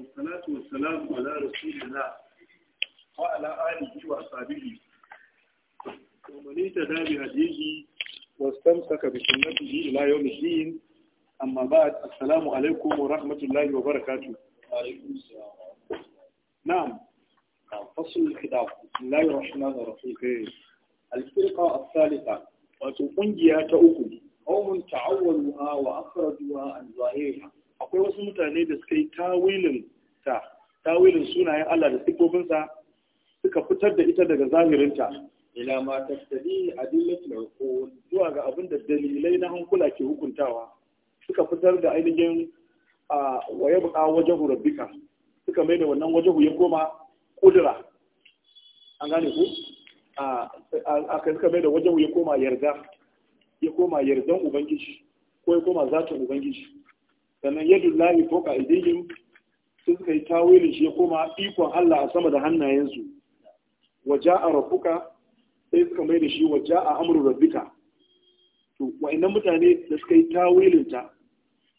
والصلاة والسلام على رسول الله وعلى آله وأصحابه ومن اهتدى بهديه واستمسك بسنته إلى يوم الدين أما بعد السلام عليكم ورحمة الله وبركاته وعليكم السلام نعم. نعم فصل الخطاب بسم الله الرحمن الرحيم الفرقة الثالثة وتقنجيها تأكل أو من wa akhrajuha an zahiriha akwai wasu mutane da suka yi tawilin ta tawilin sunayen Allah da sifofinsa suka fitar da ita daga zahirinta ila ma tattali adillatul uqul zuwa ga abin da dalilai na hankula ke hukuntawa suka fitar da ainihin a waye buka wajen rabbika suka mai da wannan wajen ya koma kudura an gane ku a kai suka mai da ya koma yarda ya koma yardan ubangiji ko ya koma zatin ubangiji sannan yadda lahi ko ka idihim sun suka yi tawilin shi ya koma ikon Allah a sama da hannayensu waja a rafuka sai suka mai da shi waja a amru rabbika to wa idan mutane da suka yi tawilin ta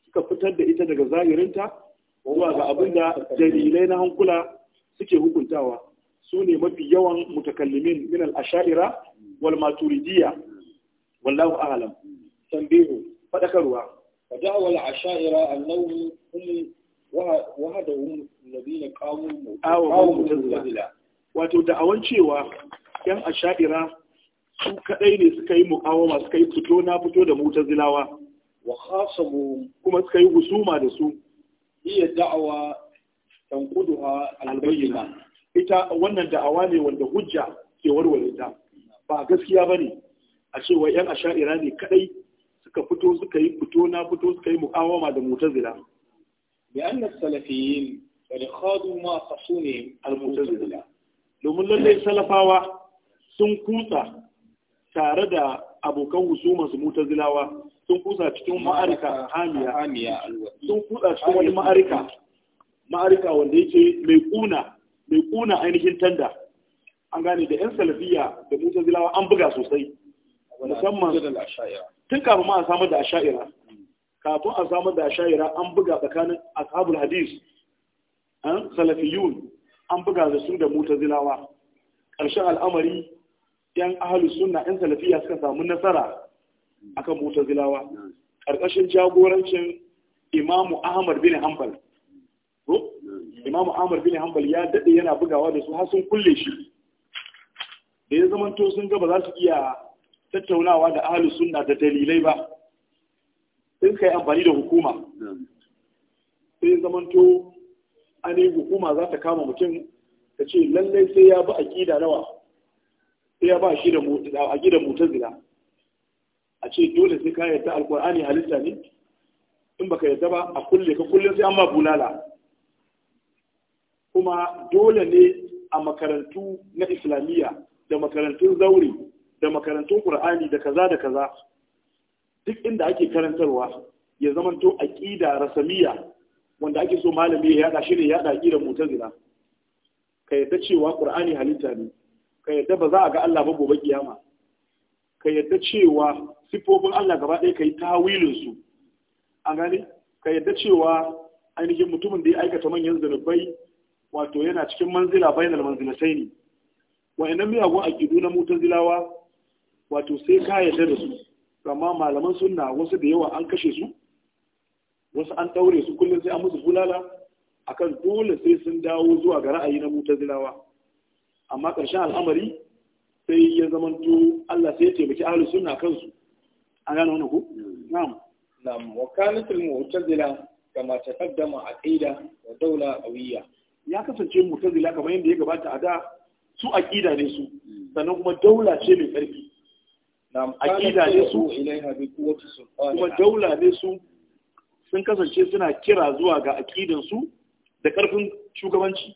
suka fitar da ita daga zahirinta zuwa ga abinda da dalilai na hankula suke hukuntawa su ne mafi yawan mutakallimin min al-ashaira wal maturidiyya wallahu a'lam tambihu fadakarwa fadawa al-ashaira annahu hum wahadahum alladhina qamu qamu mutazila wato da'awan cewa yan asha'ira su kadai ne suka yi muqawama suka yi fito na fito da mutazilawa wa khasabu kuma suka yi husuma da su iya da'awa kudu tanquduha albayyina ita wannan da'awa ne wanda hujja ke warware ta ba gaskiya ba ne. a cewa yan asha'ira ne kadai suka fito suka yi fito na fito suka yi muqawama da mutazila لأن السلفيين قد خاضوا مع خصومهم المعتزلة domin lallai salafawa sun kusa tare da abokan husuma su mutazilawa sun kusa cikin wani ma'arika wanda kuna ainihin tanda an gane da yan salafiya da mutazilawa an buga sosai musamman tun kafin ma a samar da asha'ira kafin a samar da shayira an buga tsakanin ashabul hadis an eh, salafiyun an buga da su da mutazilawa ƙarshen al'amari yan ahalu sunna yan salafiya suka samu nasara akan mutazilawa ƙarƙashin jagorancin imamu ahmad bin hanbal ko imamu ahmad bin hanbal ya daɗe yana bugawa da su har sun kulle shi da ya zamanto sun gaba za su iya tattaunawa da ahalu sunna da dalilai ba sai kai yi amfani da hukuma sai zamanto yi hukuma za ta kama mutum ta ce lallai sai ya ba a aƙida nawa sai ya ba shi da aƙida mutazila a ce dole sai ka yarda alkur'ani halitta ne in baka yarda ba a kulle ka kullum sai an ma bulala kuma dole ne a makarantu na islamiyya da makarantun zaure da makarantun qur'ani da kaza da kaza duk inda ake karantarwa ya zamanto aƙida rasamiya wanda ake so malami ya yada shi ne yada aqidar mu'tazila ka yadda cewa qur'ani halitta ne ka yadda ba za a ga Allah ba gobe kiyama ka yadda cewa sifofin Allah gaba ɗaya ka yi tawilin su an gani, ka yadda cewa ainihin mutumin da ya aikata manyan zanubai wato yana cikin manzila bainal manzilatai ne wa'annan miyagun aƙidu na mutazilawa wato sai ka yadda da su kama malaman sunna wasu da yawa an kashe su wasu an daure su kullum sai an musu bulala akan dole sai sun dawo zuwa ga ra'ayi na mutazilawa amma ƙarshen al'amari sai ya zamanto Allah sai ya taimaki ahlus sunna kansu an gano wannan ko na'am na'am wakalatul mu'tazila kama taqaddama aqida wa dawla awiya ya kasance mu'tazila kamar yadda ya gabata a da su aqida ne su sannan kuma daula ce mai karfi Aƙida ne su kuma daula ne su sun kasance suna kira zuwa ga aƙidansu da ƙarfin shugabanci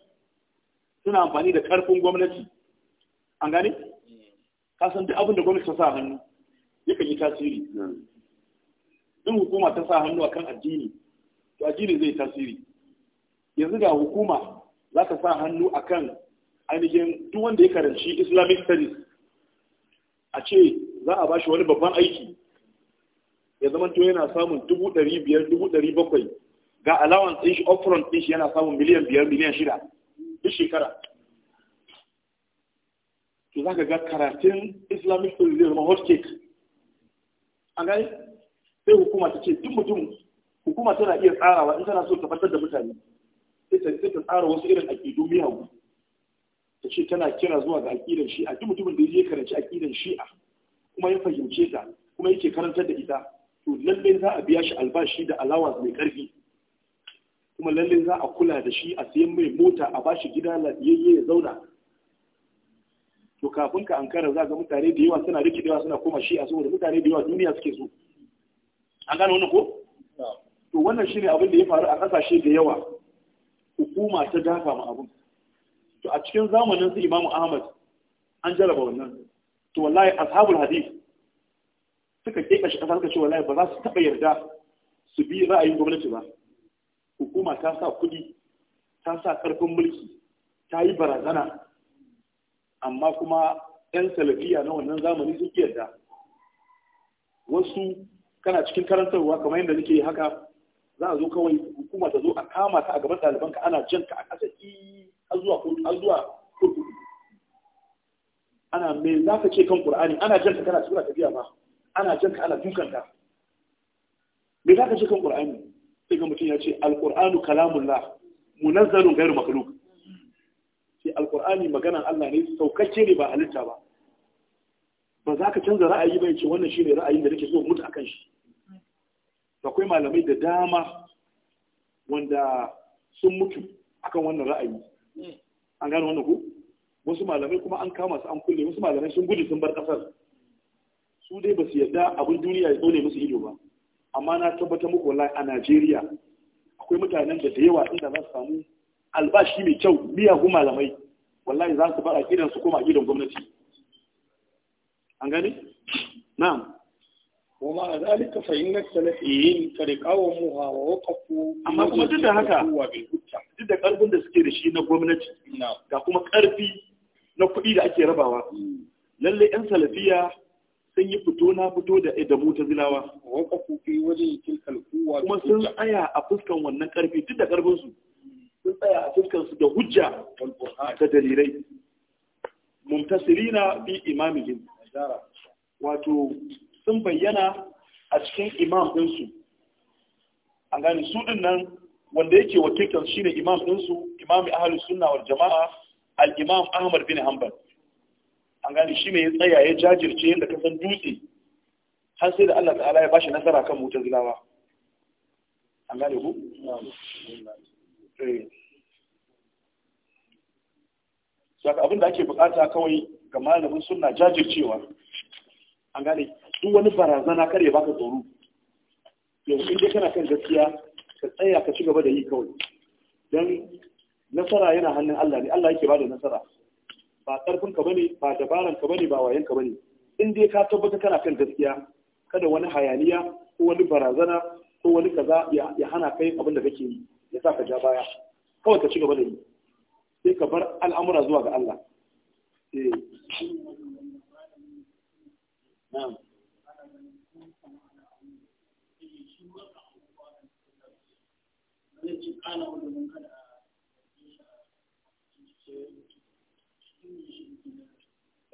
suna amfani da ƙarfin gwamnati an gane hmm. ka san duk abin da gwamnati ta sa hannu yakan yi tasiri in hmm. hukuma ta sa hannu a kan addini to addini zai tasiri yanzu ga hukuma za ta sa hannu akan ainihin duk wanda ya karanci islamic studies a ce za a ba shi wani babban aiki ya zama to yana samun dubu ɗari biyar dubu bakwai ga allowance ɗin shi upfront ɗin shi yana samun miliyan biyar miliyan shida duk shekara to za ka ga karatun islamic tourism zai zama hot cake a gai, sai hukuma ta ce duk mutum hukuma tana iya tsarawa in tana so tabbatar da mutane sai ta sai ta tsara wasu irin aƙidu miyawu ta ce tana kira zuwa ga aƙidan shi'a duk mutumin da ya karanci aƙidan shi'a kuma ya fahimce ta kuma yake karantar da ita to lalle za a biya shi albashi da alawas mai karfi kuma lalle za a kula da shi a sayan mai mota a bashi gida lafiyayye ya zauna to kafin ka ankara za ga mutane da yawa suna rikidewa suna koma shi a saboda mutane da yawa duniya suke so an gane wannan ko to wannan shine abin da ya faru a kasashe da yawa hukuma ta dafa mu abun to a cikin zamanin su Imam Ahmad an jaraba wannan to wallahi ashabul hadith suka keka shi kasar ce wallahi ba za su taba yarda su bi ra'ayin gwamnati ba hukuma ta sa kuɗi ta sa karfin mulki ta yi barazana amma kuma 'yan salafiya na wannan zamani sun yarda wasu kana cikin karantarwa kamar yadda nake haka za a zo kawai hukuma ta zo a kama ta a gaban ka ana jan ka a ƙasa har zuwa kurkuku ana me za ka ce kan ƙur'ani? ana janka kana tura tafiya ba ana janka ana dukanka me za ka ce kan ƙur'ani? sai ga mutum ya ce Alƙur'anu kalamullah munazzalun ghairu makhluq sai Alƙur'ani maganan Allah ne saukacce ne ba halitta ba ba za ka canza ra'ayi ba ce wannan shine ra'ayin da nake so mutu akan shi akwai malamai da dama wanda sun mutu akan wannan ra'ayi an gano wannan ku wasu malamai kuma an kama su an kulle wasu malamai sun gudu sun bar kasar su dai ba su yarda abin duniya ya tsone musu ido ba amma na tabbatar muku wallahi a Najeriya akwai mutanen da da yawa inda za su samu albashi mai kyau miyagun malamai wallahi za su bar a gidan su koma gidan gwamnati an gani na'am وما ذلك فإن السلفيين ترقاوموها ووقفوا أما كما تدى هكا تدى قلب da suke da shi na gwamnati ga kuma ƙarfi na kuɗi da ake rabawa lalle yan salafiya sun yi fito na fito da da mu ta zinawa. kuma sun tsaya a fuskan wannan ƙarfi duk da ƙarfinsu. su sun tsaya a fuskan su da hujja da dalilai mumtasirina bi imamihim wato sun bayyana a cikin imam ɗinsu A gane su ɗin nan wanda yake wakiltar shine imam ɗinsu imami ahalus sunna wal jama'a al’imam ahmad bin hanbal an gane shi mai tsaya ya jajirce yadda ka san dutse har sai da Allah ta'ala ya bashi nasara kan zilawa an gane ku eh. saka abin da ake bukata kawai ga malamin suna jajircewa an gane duk wani barazana kar ya baka tsoro yanzu in dai kana kan gaskiya ka tsaya ka ci gaba da yi kawai don nasara yana hannun Allah ne Allah yake bada nasara ba karfin ka bane ba dabaran ka bane ba wayan ka bane in dai ka tabbata kana kan gaskiya kada wani hayaniya ko wani barazana ko wani kaza ya hana kai abin da kake yi ya sa ka ja baya kawai ka ci gaba da yi sai ka bar al'amura zuwa ga Allah eh. na'am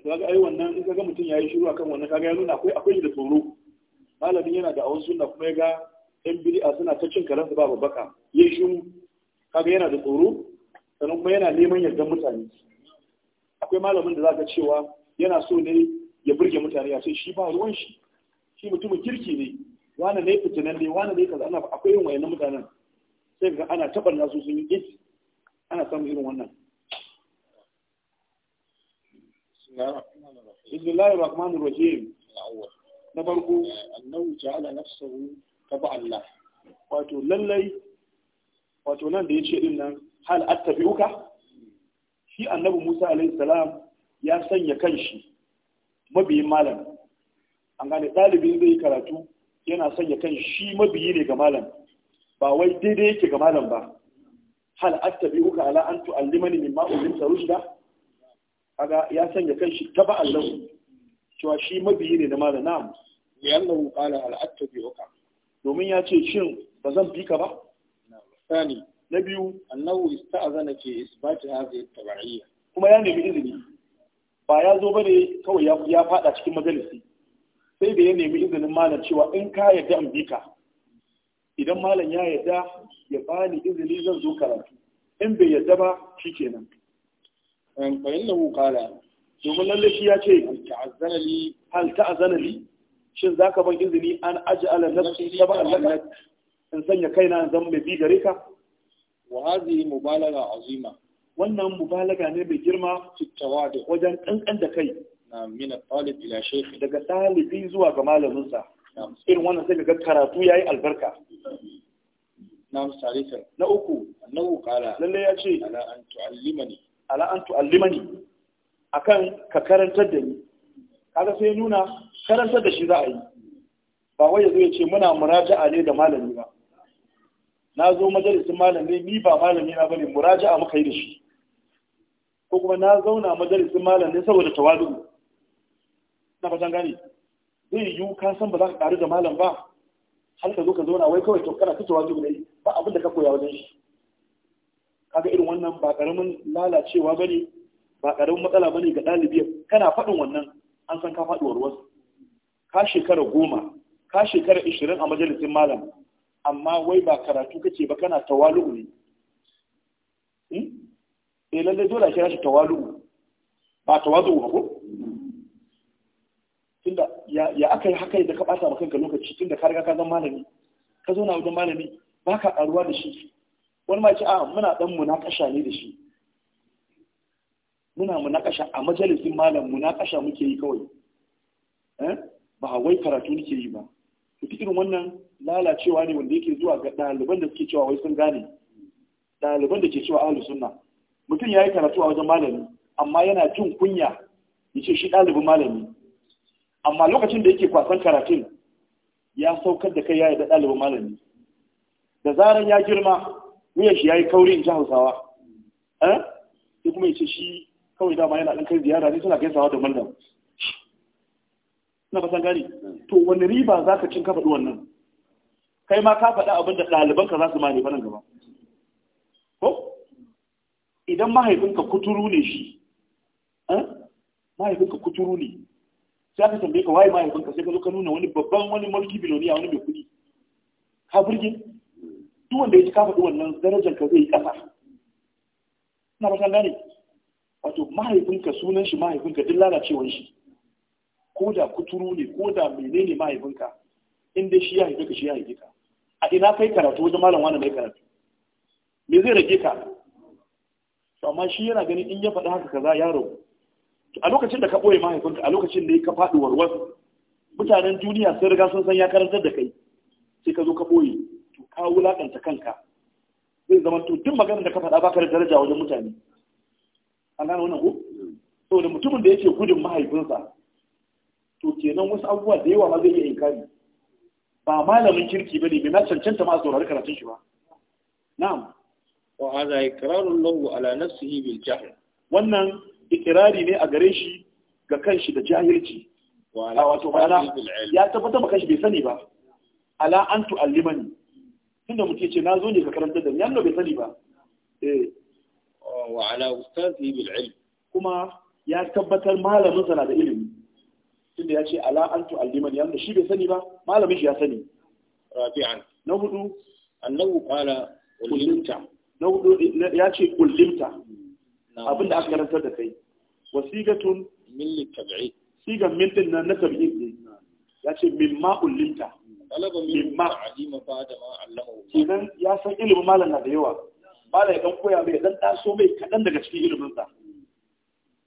kaga ai wannan in kaga mutum yayi shiru akan wannan kaga ya nuna akwai akwai da tsoro malamin yana da awon sunna kuma ya ga yan bid'a suna ta cin karansa ba babbaka yayi shiru kaga yana da tsoro sannan kuma yana neman yardan mutane akwai malamin da za ka cewa yana so ne ya burge mutane a sai shi ba ruwan shi shi mutumin kirki ne wani ne fitinan ne wani ne kaza ana akwai yin wayannan mutanen sai ga ana taɓarna su sun yi ana samun irin wannan بسم الله الرحمن na farko annahu جعل نفسه تبع Allah wato lallai wato nan da yace din nan hal attabi'uka shi annabi Musa alaihi salam ya sanya kanshi mabiyin malam an gane ɗalibin zai karatu yana sanya kan shi mabiyi ne ga malam ba wai daidai yake ga malam ba hal attabi'uka ala an allimani mimma ulimta rushda kaga ya sanya kanshi taba Allah cewa shi mabiyi ne na malam na'am li annahu qala al attabi'uka domin ya ce shin ba zan bi ka ba sani na biyu annahu ista'zana ke isbat hadhihi at-tabi'iyya kuma ya nemi izini ba ya zo bane kawai ya ya fada cikin majalisi sai da ya nemi izinin malam cewa in ka yarda in bi ka idan malam ya yarda ya bani izini zan zo karatu in bai yarda ba shikenan bayan eh, lahu kala domin lalle shi ya ce hal ta'azana li shin za ka ban izini an aji ala nafsi ta ba in sanya kaina zan mai bi gare ka wa hadhihi mubalaga azima wannan mubalaga ne mai girma da wajen kankan da kai na min talib ila shaykh daga talibi zuwa ga malaminsa. irin wannan sai ga karatu yayi albarka na uku na qala Lallai ya ce ala an tu'allimani ala an tu'allimani akan ka karantar da ni kaga sai nuna karantar da shi za a yi ba wai yazo ya ce muna muraja'a ne da malami ba na zo majalisin malami ni ba malami na bane muraja'a muka yi da shi ko kuma na zauna majalisin malami saboda tawadu na fatan gane zai yiwu ka san ba za ka karu da malam ba har ka zo ka zauna wai kawai to kana ta tawadu ne ba abin da ka koya wajen shi kaga irin wannan ba karamin lalacewa bane ba karamin matsala bane ga dalibi kana faɗin wannan an san ka faɗuwar warwas ka shekara goma ka shekara ishirin a majalisin malam amma wai ba karatu kace ba kana tawalu ne hmm? eh lallai dole ka kira shi tawalu'u ba tawazu ba ko tunda ya aka yi haka da ka ɓata ma kanka lokaci tunda ka riga ka zama malami ka zo na wajen malami baka karuwa da shi wani ma ce a ah, muna dan munakasha ne da shi muna munakasha a majalisin malam munakasha muke yi kawai eh? ba wai karatu nake yi ba duk irin wannan lalacewa ne wanda yake zuwa ga ɗaliban da suke cewa wai sun gane ɗaliban da ke cewa ahlus sunna mutum ya yi karatu a wajen malami amma yana jin kunya ya ce shi ɗalibin malami amma lokacin da yake kwasan karatun ya saukar da kai ya yi da ɗalibin malami da zaran ya girma wuyan shi yayi kauri in ji hausawa eh sai kuma yace shi kawai dama yana dan kai ziyara ne suna gaisawa da mallam na fasan gari to wani riba za ka cin ka faɗi wannan kai ma ka faɗi abin da ɗalibanka za su mani ne gaba ko idan mahaifinka kuturu ne shi eh? mahaifinka kuturu ne sai aka tambaye ka waye mahaifinka sai ka zo ka nuna wani babban wani mulki biloniya wani mai kuɗi ka burge duk wanda ya ci kafa duwannan wannan darajar ka zai ƙasa ina ba san gane wato mahaifinka sunan shi mahaifinka duk lalacewar shi ko da kuturu ne ko da menene mahaifinka in dai shi ya haife ka shi ya haife ka a ina kai karatu wajen malam wani mai karatu me zai rage ka to amma shi yana ganin in ya faɗi haka kaza yaro to a lokacin da ka ɓoye mahaifinka a lokacin da ka faɗi warwar? mutanen duniya sun riga sun san ya karantar da kai sai ka zo ka ɓoye ka wulakanta kanka zai zama to duk maganar da ka faɗa baka da daraja wajen mutane an gane wannan ko saboda mutumin da yake gudun mahaifinsa to kenan wasu abubuwa da yawa ma zai iya inkari ba malamin kirki bane bai na cancanta ma saurari karatun shi ba na'am wa hadha iqrarun lahu ala nafsihi bil jahl wannan ikrari ne a gare shi ga kanshi da jahilci wato ya tabbata ba kanshi bai sani ba ala an tu'allimani tunda mutum ce na zo ne ka karanta da ni Allah bai sani ba eh wa ala ustazi bil ilm kuma ya tabbatar malamin na da ilimi tunda ya ce ala an tu'allimani yanda shi bai sani ba malamin shi ya sani rabi'an na hudu annahu qala ullimta na hudu ya ce ullimta abinda aka karanta da kai wasigatun min litab'i sigan min din na tabi'in ne ya ce min ma ullimta ma ma da kenan ya san ilimin malam na da yawa malam ya dan koya mai dan taso mai kaɗan daga cikin iliminsa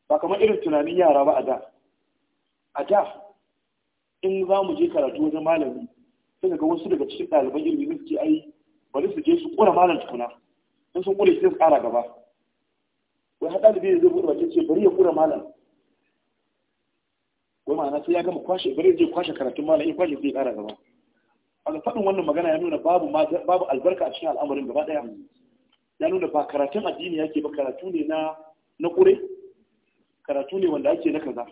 ba kamar irin tunanin yara ba a da a da in za mu je karatu wajen malami sai ga wasu daga cikin ɗaliban ilimi suke ai bari su je su kura malam tukuna in sun kure sai su ƙara gaba wai haɗa da zai buɗe bakin ce bari ya kura malam wai ma'ana sai ya gama kwashe bari zai kwashe karatun malam ya kwashe zai ƙara gaba wanda faɗin wannan magana ya nuna babu babu albarka a cikin al'amarin gaba ɗaya ya nuna ba karatun addini yake ba karatu ne na na ƙure karatu ne wanda ake na kaza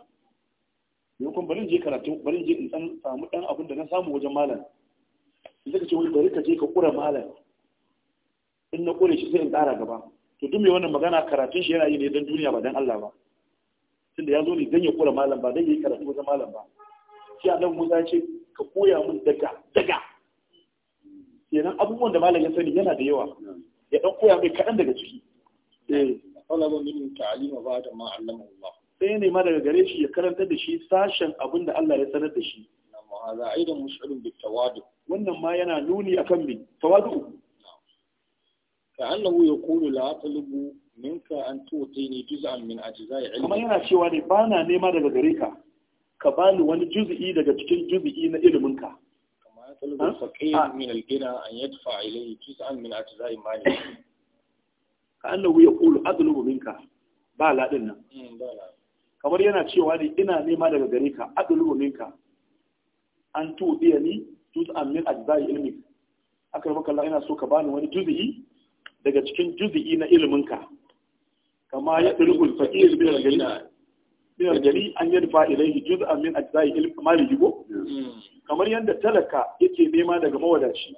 yankun barin je karatu barin je in san samu ɗan abin da na samu wajen malam in ka ce wani bari ka je ka ƙura malam in na ƙure shi sai in ƙara gaba to duk mai wannan magana karatun shi yana yi ne don duniya ba don Allah ba tunda ya zo ne don ya ƙura malam ba don ya yi karatu wajen malam ba shi a Musa ya ce ka koya min daga daga kenan abubuwan da malam ya sani yana da yawa ya dan koya mai kaɗan daga ciki talaba eh, min ta'lima da ma allama Allah sai ne ma daga gare shi ya karanta da shi sashen abin da Allah ya sanar da shi hada aidan mus'alun bi tawadu wannan ma yana nuni akan bi tawadu ka annahu yaqulu la atlubu minka an tu'tini juz'an min ajza'i ilmi kuma yana cewa ne bana nema daga gare ka ka bani wani juz'i daga cikin juz'i na ilimin ka ka ya yaqulu adlubu minka ba ladin nan hmm, kamar yana cewa ne ina nema daga gare ka adlubu minka an tuɗiya ni juz'an min ajza'i ilmik aka yi makalla ina so ka bani wani juz'i daga cikin juz'i na iliminka kama ya ɗirgul fa'ir bin gina min aljali an yadfa ilayhi juz'an min ajza'i malihi ko kamar yadda talaka yake nema daga mawadaci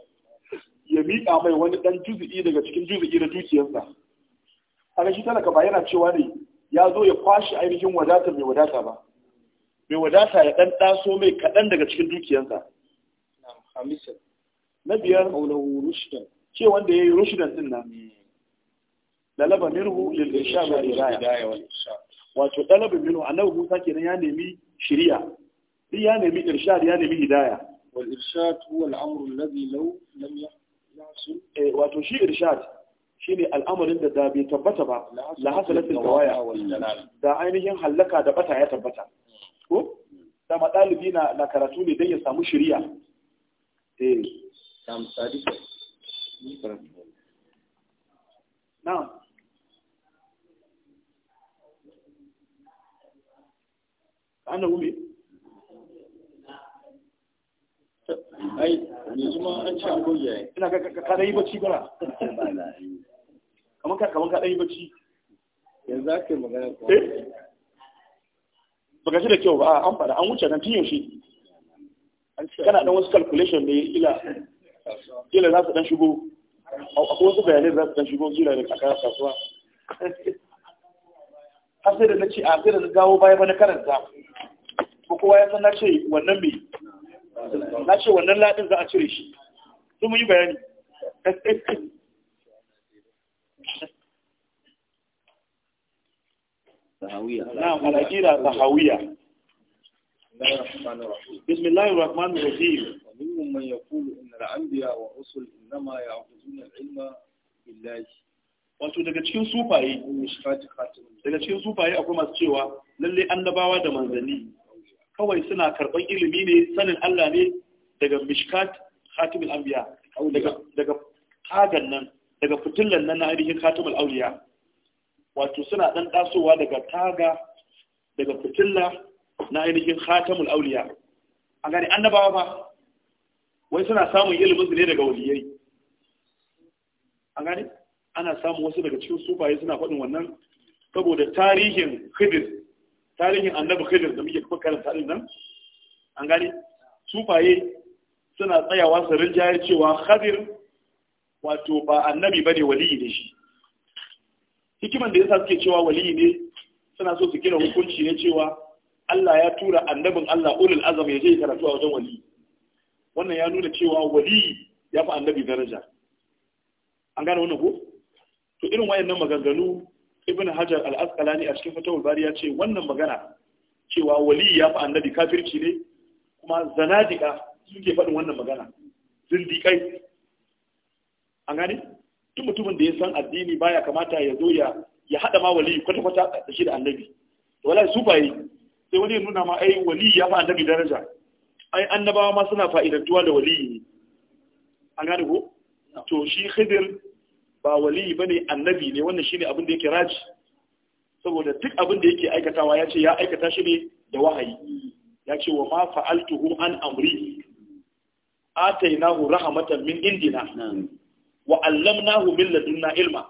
ya miƙa mai wani ɗan juzi'i daga cikin juzi'i na dukiyarsa a shi talaka ba yana cewa ne ya zo ya kwashe ainihin wadata mai wadata ba mai wadata ya ɗan ɗaso mai kaɗan daga cikin dukiyarsa na biyar ce wanda ya yi rushidan ɗin nan lalaba mirhu lil isha wato dalabin minhu annabi Musa kenan ya nemi shiriya din ya nemi irshad ya nemi hidaya wal irshad huwa al-amru alladhi law lam yahsul eh wato shi irshad shine al'amarin da da bai tabbata ba la hasalatin dawaya da ainihin halaka da bata ya tabbata ko da madalibi na na karatu ne dan ya samu shiriya eh sam sadiq na'am annahu me ai yanzu ma an ci abu yayi ina ka ka dai bacci bara kamar ka kamar ka dai bacci yanzu ake magana ko eh? baka ji da kyau ba an fada an wuce kan tun yaushe kana dan wasu calculation ne ila ila za su dan shigo akwai wasu bayanai za su dan shigo ila da kasuwa har sai da na ce a sai da na dawo baya ba karanta ko kowa ya san na ce wannan mai na ce wannan ladin za a cire shi sun mun yi bayani نعم الأجيرة صحوية بسم الله الرحمن الرحيم ومنهم من يقول إن الأنبياء والرسل إنما يأخذون العلم بالله wato daga cikin sufaye daga cikin sufaye akwai masu cewa lalle annabawa da manzanni kawai suna karɓar ilimi ne sanin Allah ne daga mishkat khatimul anbiya daga daga kagan nan daga fitillan nan na ainihin khatimul auliya wato suna dan dasowa daga taga daga fitilla na ainihin khatimul auliya an gani annabawa ba wai suna samun ilimin su ne daga waliyai an gani ana samun wasu daga cikin sufaye suna faɗin wannan saboda tarihin khidir tarihin annabi khidir da muke kuma karanta din nan an gani sufaye suna tsayawa su rinjaye cewa khidir wato ba annabi bane waliyi ne shi hikiman da yasa suke cewa waliyi ne suna so su kira hukunci ne cewa Allah ya tura annabin Allah ulul azam ya je karatu a wajen waliyi wannan ya nuna cewa waliyi ya fi annabi daraja an gane wannan ko to irin wayannan maganganu ibn hajar al-asqalani a cikin fatawul bari ya ce wannan magana cewa wali ya fi annabi kafirci ne kuma zanadika suke faɗin wannan magana zindiƙai an gane tun mutumin da ya san addini baya kamata ya zo ya ya haɗa ma wali kwata-kwata da shi da annabi to wala su bai sai wani ya nuna ma ai wali ya fi annabi daraja ai annabawa ma suna fa'idantuwa da wali ne an gane ko to shi khidr ba waliyi ne annabi ne wannan shine abin da yake raji saboda duk abin da yake aikatawa ya ce ya aikata shi ne da wahayi ya ce wa ma fa'altuhu an amri atainahu rahmatan min indina wa allamnahu min ladunna ilma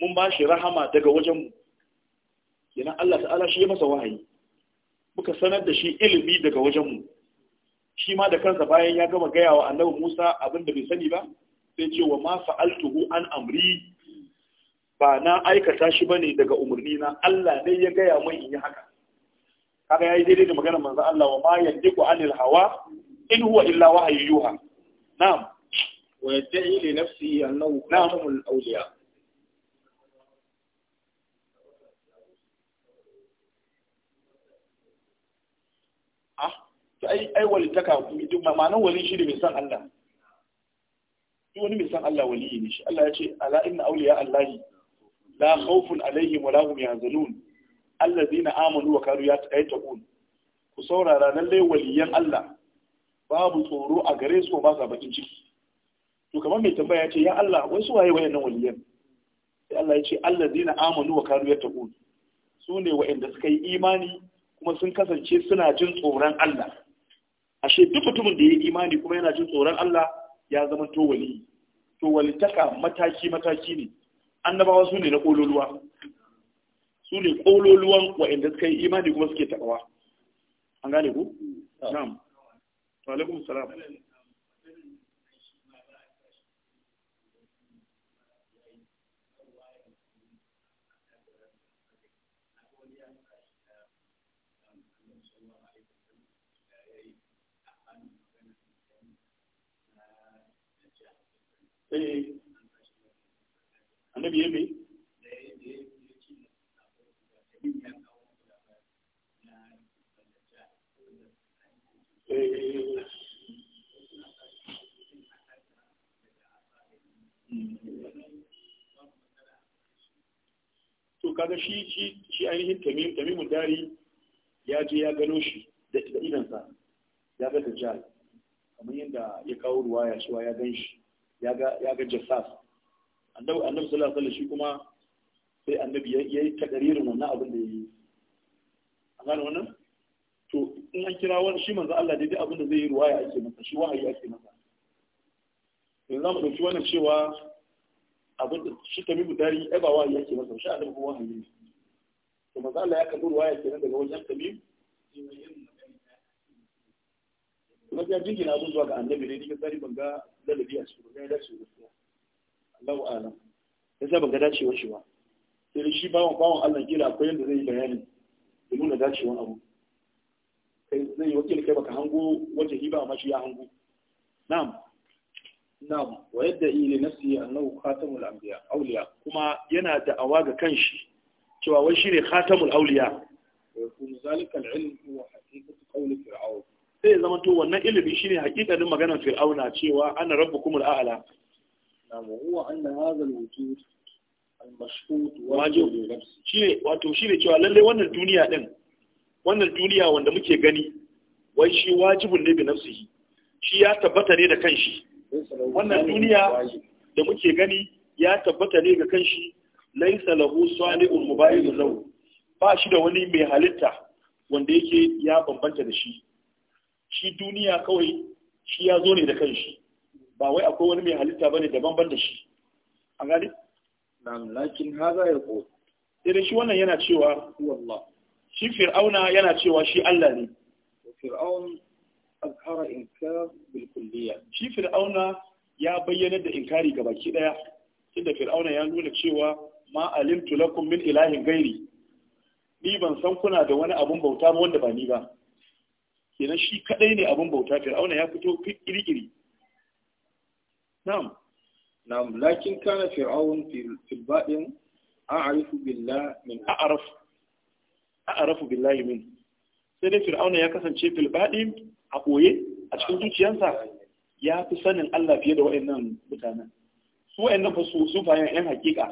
mun ba shi rahama daga wajenmu yana Allah ta'ala shi ya masa wahayi muka sanar da shi ilimi daga wajenmu shi ma da kansa bayan ya gama gaya wa annabi Musa abin da bai sani ba sai ce wa ma fa'altuhu an amri ba na aikata shi bane daga umarni na Allah ne ya gaya mai in yi haka kaga yayi daidai da maganar manzo Allah wa ma yandiku anil hawa in huwa illa wahyu yuha na'am wa yad'i li nafsi annahu khatamul awliya ah to ai ai walitaka duk ma'anar wali shi da mai san Allah duk wani mai san Allah wali ne shi Allah ya ce ala inna awliya allahi la khawfun alaihim wa lahum yahzanun allazina amanu wa kanu yattaqun ku saurara dai waliyan Allah babu tsoro a gare su ba sa bakin ciki to kamar mai tambaya ce ya Allah wai su waye wayannan waliyan sai Allah ya ce allazina amanu wa kanu yattaqun su ne wa'anda suka yi imani kuma sun kasance suna jin tsoron Allah ashe duk mutumin da ya yi imani kuma yana jin tsoron Allah ya zama to wali to walitaka mataki mataki ne annabawa su ne na kololuwa su ne kololuwan wa'anda suka yi imani kuma suke takawa an gane ku na'am wa alaikum salam annabi eh, eh, to kaga shi shi shi ainihin tamim tamimun dari ya je ya gano shi da sa ya ga dajjal kamar yadda ya kawo ruwa ya cewa ya ganshi. ya ga jassas annabi sallallahu alaihi shi kuma sai annabi ya yi takaririn wannan abin da ya yi an wannan to in an kira wani shi manzo Allah dai abin da zai yi ruwaya ake masa shi wahayi ake masa yanzu za mu ɗauki wannan cewa abin da shi ta tabibu dari ai ba wahayi ake masa shi annabi kuma wahayi ne to manzo Allah ya karɓi ruwaya nan daga wajen tabibu kuma ya jingina abin zuwa ga annabi ne ni ga tsari ban ga ladabi a cikin ya dace gaskiya Allahu alam yasa ban ga dacewar shi ba sai shi bawan bawan Allah kila akwai yadda zai yi bayani ya nuna dacewar abu kai zai wakil kai baka hango wace hiba amma shi ya hango na'am na'am wa yadda ili nafsi annahu khatamul anbiya awliya kuma yana da awa ga kanshi cewa wai shine khatamul awliya wa yakunu zalika al-ilm huwa haqiqatu qawli fir'aun sai ya to wannan ilimi shine hakikanin maganar fir'auna cewa ana kuma al'ala namu huwa anna hadha al-wujud al-mashhud wa shine wato shine cewa lalle wannan duniya din wannan duniya wanda muke gani wai shi wajibun ne bi nafsihi shi ya tabbata ne da kanshi wannan duniya da muke gani ya tabbata ne ga kanshi laisa lahu salihun mubayyin lahu ba shi da wani mai halitta wanda yake ya bambanta da shi shi duniya kawai shi ya zo ne da kanshi ba wai akwai wani mai halitta ba ne daban-ban da shi a gani? Na, lakin haza ya ko sai shi wannan yana cewa wallah shi fir'auna yana cewa shi Allah ne shi fir'auna ya bayyana da inkari ga baki ɗaya? inda fir'auna ya nuna cewa ma alimtu lakum min ilahin gairi ni ban san kuna da wani abun bauta ba wanda ba ni ba kenan shi kadai ne abin bauta fir'auna ya fito kirkiri na'am na'am lakin kana fir'aun fil ba'in a'rifu billahi min a'raf a'rafu billahi min sai dai fir'auna ya kasance fil ba'in a koye a cikin zuciyarsa ya fi sanin Allah fiye da waɗannan mutanen su waɗannan fa su su bayan yan hakika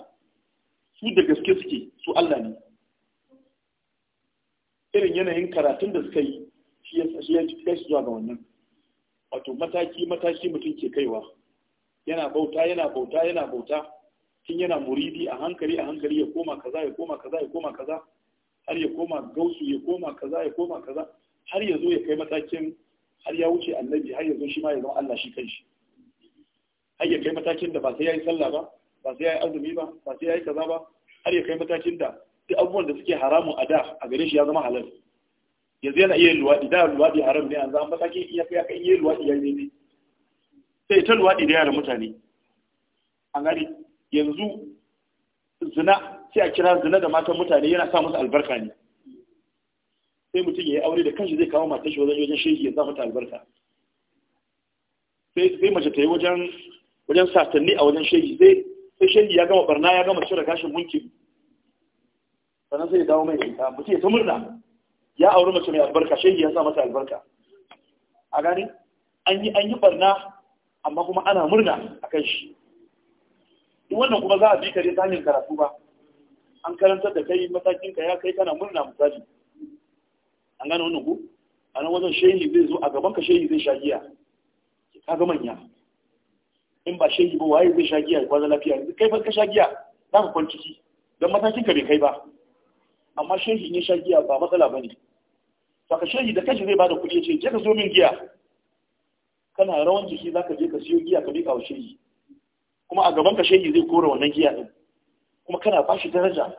su da gaske suke su Allah ne irin yanayin karatun da suka yi shi ya zuwa ga wannan wato mataki mataki mutum ke kaiwa yana bauta yana bauta yana bauta tun yana muridi a hankali a hankali ya koma kaza ya koma kaza ya koma kaza har ya koma gausu ya koma kaza ya koma kaza har ya zo ya kai matakin har ya wuce annabi har ya zo shi ma ya zama Allah shi kanshi har ya kai matakin da ba sai yayi sallah ba ba sai yayi azumi ba ba sai yayi kaza ba har ya kai matakin da duk abubuwan da suke haramun a da a gare shi ya zama halal yanzu yana iya luwaɗi da luwaɗi haram ne yanzu zama matakin iya kai akan iya luwaɗi ya ne sai ta luwaɗi da yara mutane A gani yanzu zina sai a kira zina da matan mutane yana sa musu albarka ne sai mutum ya yi aure da kanshi zai kawo matashi wajen wajen shehi ya sa ta albarka sai mace ta yi wajen wajen satanni a wajen shehi sai shehi ya gama barna ya gama cire gashin mulki sannan sai ya dawo mai mutum ya ta murna ya auri mace mai albarka shehi ya sa mata albarka a gani an yi an yi barna amma kuma ana murna a kan shi in wannan kuma za a bi ka dai ta hanyar karatu ba an karantar da kai matakin ka ya kai kana murna misali an gane wannan ku a nan wajen shehi zai zo a gaban ka shehi zai sha giya ka ga manya in ba shehi ba waye zai sha giya ya za lafiya kai ba ka sha giya za ka kwanci don matakin ka bai kai ba amma shehi ne shan giya ba matsala ba ne saka shehi da kashi zai bada kudi ya ce je ka zo min giya kana rawan jiki za ka je ka siyo giya ka bi wa shehi kuma a gaban ka shehi zai kora wannan giya ɗin kuma kana ba shi daraja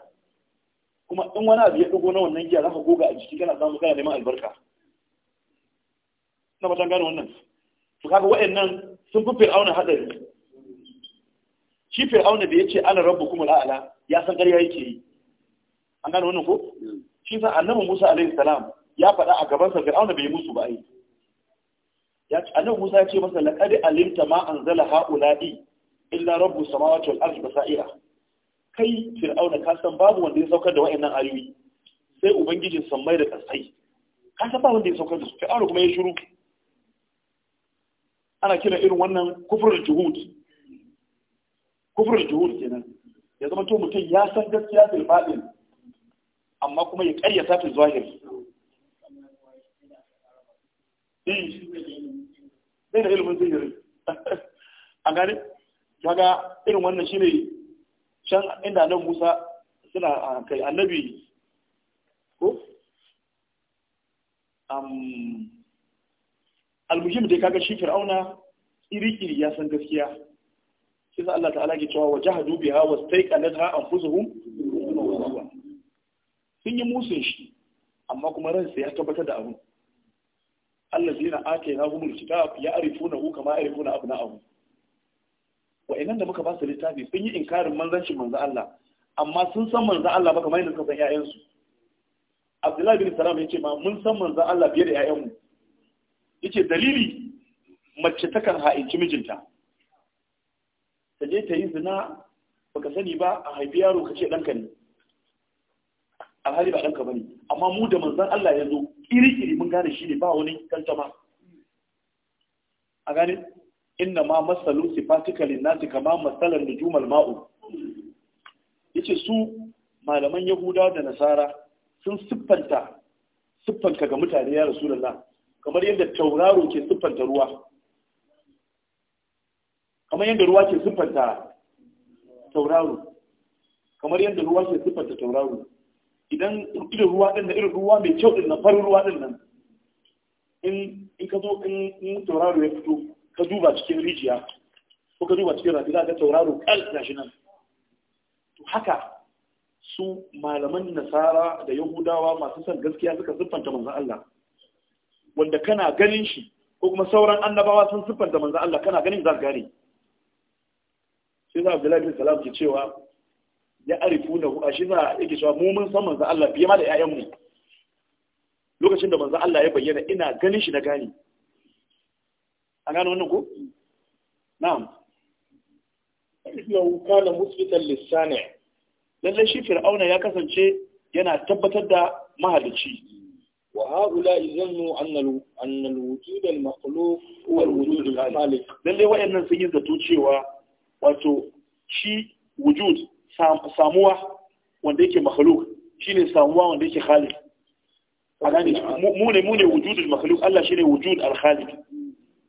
kuma in wani abu ya ɗago na wannan giya za ka goga a jiki kana samu kana neman albarka na matan gane wannan su kaga wa'annan sun fi fir'auna haɗari shi fir'auna da ya ce ana rabu kuma la'ala ya san ƙarya yake yi an gane wannan ko shi sa annabi Musa alaihi salam ya faɗa a gaban sa Fir'auna bai musu ba ai ya ce annabi Musa ya ce masa laqad alimta ma anzala haula'i illa rabbu samawati wal ardi basaira kai Fir'auna ka san babu wanda ya saukar da wa'annan ayoyi sai ubangijin sammai da kasai ka san ba wanda ya saukar da su Fir'auna kuma ya shiru ana kira irin wannan kufrul juhud kufrul juhud kenan ya zama to mutum ya san gaskiya bil batil amma kuma ya ƙaryata ta zuwa zai da ilimin zahiri a gane kaga irin wannan shi ne can inda nan musa suna kai annabi ko almuhim ya kaga shi fir'auna iri-iri ya san gaskiya shi sa Allah ta'ala ke cewa wa jahadu biha wa staiqanatha anfusuhum sun yi musun shi amma kuma ransa ya tabbatar da abu Allah zai na ake na gumul kitab ya arifu na hu kama arifu na abu na abu wa'annan da muka ba su littafi sun yi inkarin manzancin manzo Allah amma sun san manzo Allah ba kamar yadda suka san su Abdullahi bin Salam yace ma mun san manzo Allah biye da mu yace dalili mace takan ha'inci mijinta ta je ta yi zina baka sani ba a haifi yaro kace danka ne alhali ba ɗanka ba ne. amma mu da manzan Allah ya zo kiri-kiri mun gane shi ne ba wani kantama a gane inna ma masalu sifatikal linnasi kama da jumal ma'u ce su malaman yahuda da nasara sun siffanta siffanka ga mutane ya rasu kamar yadda tauraro ke siffanta ruwa kamar yadda ruwa ke siffanta tauraro kamar yadda ruwa ke siffanta tauraro idan irin ruwa ɗin da irin ruwa mai kyau ɗin na farin ruwa ɗin nan in ka zo in tauraro ya fito ka duba cikin rijiya ko ka duba cikin rafi za ka tauraro kal gashi nan to haka su malaman nasara da yahudawa masu son gaskiya suka siffanta manzan Allah wanda kana ganin shi ko kuma sauran annabawa sun siffanta manzan Allah kana ganin za ka gane sai za Abdullahi bin Salam ke cewa ya arifu na a shi za a yake cewa mu mun san manzo Allah biya ma da mu lokacin da manzo Allah ya bayyana ina ganin shi na gani an gano wannan ko na'am yau kana musbitan lisani lalle shi fir'auna ya kasance yana tabbatar da mahalici wa haula izannu anna anna alwujud almakhluq huwa alwujud alkhaliq lalle wayannan sun yi zato cewa wato shi wujud samuwa wanda yake makhluk shine samuwa wanda yake khaliq a gane mu ne mu ne wujudul makhluk Allah shine wujud al khaliq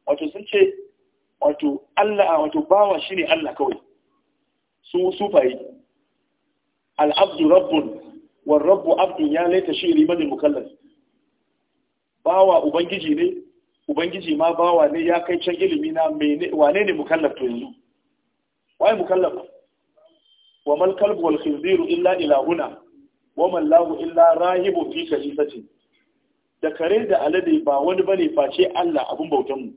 wato sun ce wato Allah wato bawa shine Allah kawai su fayi al abdu rabbun wal rabbu abdun ya laita shi liman mukallaf bawa ubangiji ne ubangiji ma bawa ne ya kai can ilimi na wane ne mukallaf to yanzu wai mukallaf wa mal والخنزير wal khinziru هنا ilahuna wa man illa rahibu fi kanisati da kare da alade ba wani bane face Allah abun bautan mu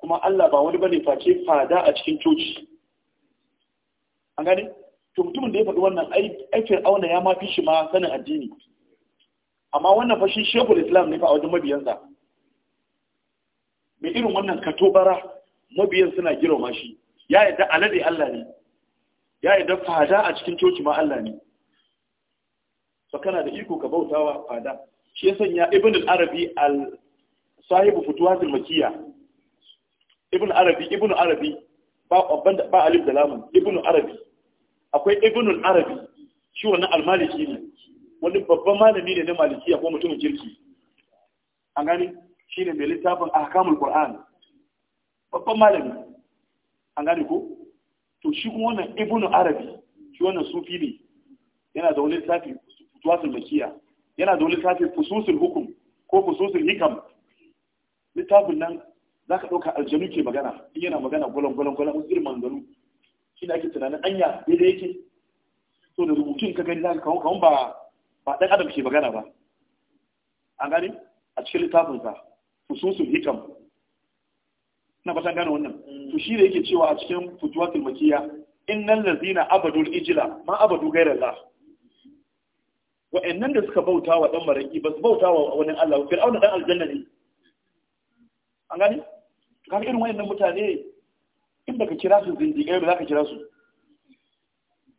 kuma Allah ba wani bane face fada a cikin coci an gane to mutumin da ya faɗi wannan aikin auna ya ma fi shi ma sanin addini amma wannan fashin shekul islam ne fa a wajen mabiyansa Me irin wannan katobara mabiyan suna girma shi ya yadda alade Allah ne ya idan fada a cikin coci ma Allah ne so kana da iko ka bautawa fada shi ya sanya ibn al-arabi al sahibu futuwatul makiyya ibn arabi ibn arabi ba ba alif da lamun ibn arabi akwai ibn al-arabi shi wannan al-maliki ne wani babban malami ne na malikiya ko mutumin jirki, an gani shine mai littafin ahkamul qur'an babban malami an gani ko to shi kuma wannan ibnu arabi shi wannan sufi ne yana da wani littafi futuwatul makiya yana da wani littafi fususul hukum ko fususul hikam littafin nan za ka ɗauka aljanu ke magana in yana magana gwalon gwalon gwalon wasu mangalu shi ne ake tunanin anya daidai yake so da rubutun ka gani zaka kawo kawon ba ba ɗan adam ke magana ba an gani a cikin sa fususul hikam na ba gane wannan to shi da yake cewa a cikin futuwatul makiya innal ladzina abadul ijla ma abadu wa wa'annan da suka bauta wa dan maraki ba su bauta wa wani Allah fir'auna dan aljanna ne an gane ka irin wayannan mutane in baka kira su zindiƙai ba za ka kira su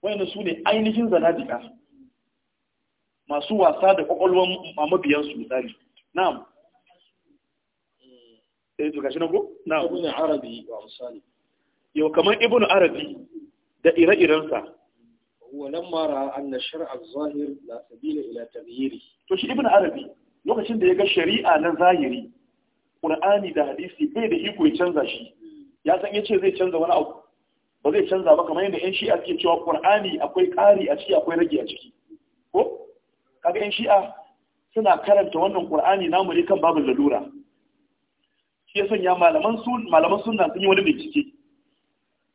wayannan su ne ainihin zanadika masu wasa da kwakwalwar mabiyansu misali na'am eh to gashi nan ko na ibn arabi wa amsali yau kamar ibn arabi da ire-irensa walamma ra'a anna shar'a az-zahir la sabila ila taghyiri to shi ibn arabi lokacin da ya ga shari'a na zahiri qur'ani da hadisi bai da iko ya canza shi ya san ce zai canza wani abu ba zai canza ba kamar yadda yan shi'a suke cewa qur'ani akwai ƙari a ciki akwai rage a ciki ko kaga yan shi'a suna karanta wannan qur'ani namu ne kan babin lalura ya sanya malaman malaman sun yi wani bincike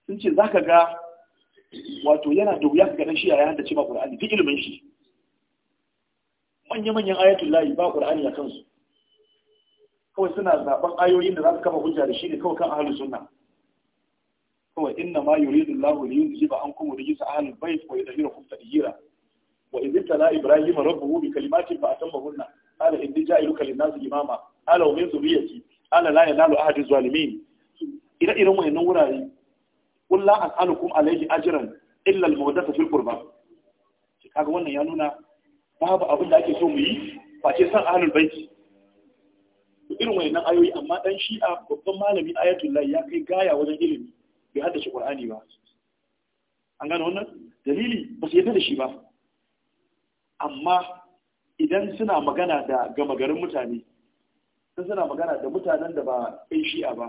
sun ce za ka ga wato yana da wuya ga shi shi yayin da ce ba ƙura'ani fi ilimin shi manya-manyan ayatun layi ba ƙura'ani a kansu kawai suna zaben ayoyin da za su kafa hujja da shi ne kawai kan ahalin suna. kawai inna ma yuridu Allahu li yuzhiba ankum rijsa ahlul bayt kuma yudhhirakum tadhira wa idh tala ibrahima rabbuhu bi kalimatin a tambahunna ala in ja'iluka lin-nasi imama ala wa min dhurriyyati ala la yanalu ahadu zalimin ire iren wayannan wurare qul la as'alukum alayhi ajran illa al-mawaddata fil qurba kaga wannan ya nuna babu abin da ake so mu yi face san ahlul baiti irin wayannan ayoyi amma dan shi'a babban malami ayatullahi ya kai gaya wajen ilimi bai haddace qur'ani ba an gano wannan dalili ba su yadda da shi ba amma idan suna magana da gama garin mutane sun suna magana da mutanen da ba ɗan shi'a ba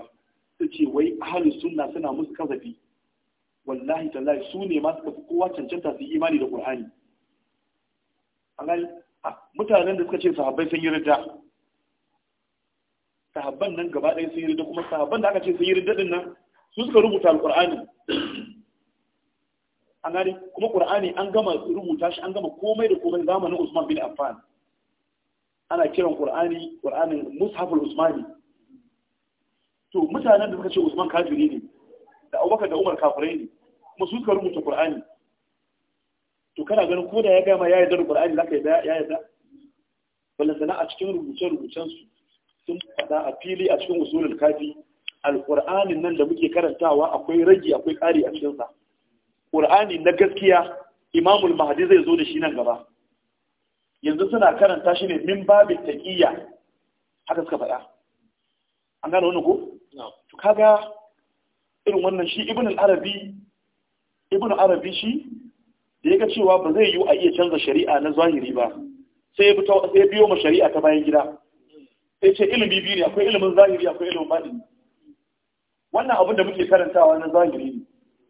su ce wai ahalu sunna suna musu kazafi wallahi tallahi su ne masu kafi kowa cancanta su yi imani da ƙur'ani? mutanen da suka ce sahabbai sun yi rida sahabban nan gaba ɗaya sun yi rida kuma sahabban da aka ce sun yi rida din nan su suka rubuta alƙur'ani. an gani kuma ƙur'ani an gama rubuta shi an gama komai da komai zamanin Usman bin Affan ana kiran qur'ani qur'anin mushaful usmani to mutanen da suka ce usman kafiri ne da abubakar da umar kafirai ne kuma su suka rubuta qur'ani to kana ganin ko da ya gama ya da qur'ani zaka ya yarda wallan sana a cikin rubuce rubucen su sun fada a fili a cikin usulul kafi alqur'anin nan da muke karantawa akwai ragi akwai kari a cikin sa qur'ani na gaskiya imamul mahdi zai zo da shi nan gaba yanzu suna karanta shi ne min babin taqiyya haka suka faɗa an gane wani ko to kaga irin wannan shi ibn al-arabi ibn arabi shi da ga cewa ba zai yi a iya canza shari'a na zahiri ba sai ya fito sai biyo ma shari'a ta bayan gida sai ce ilimi biyu ne akwai ilimin zahiri akwai ilimin baɗini wannan abin da muke karantawa na zahiri ne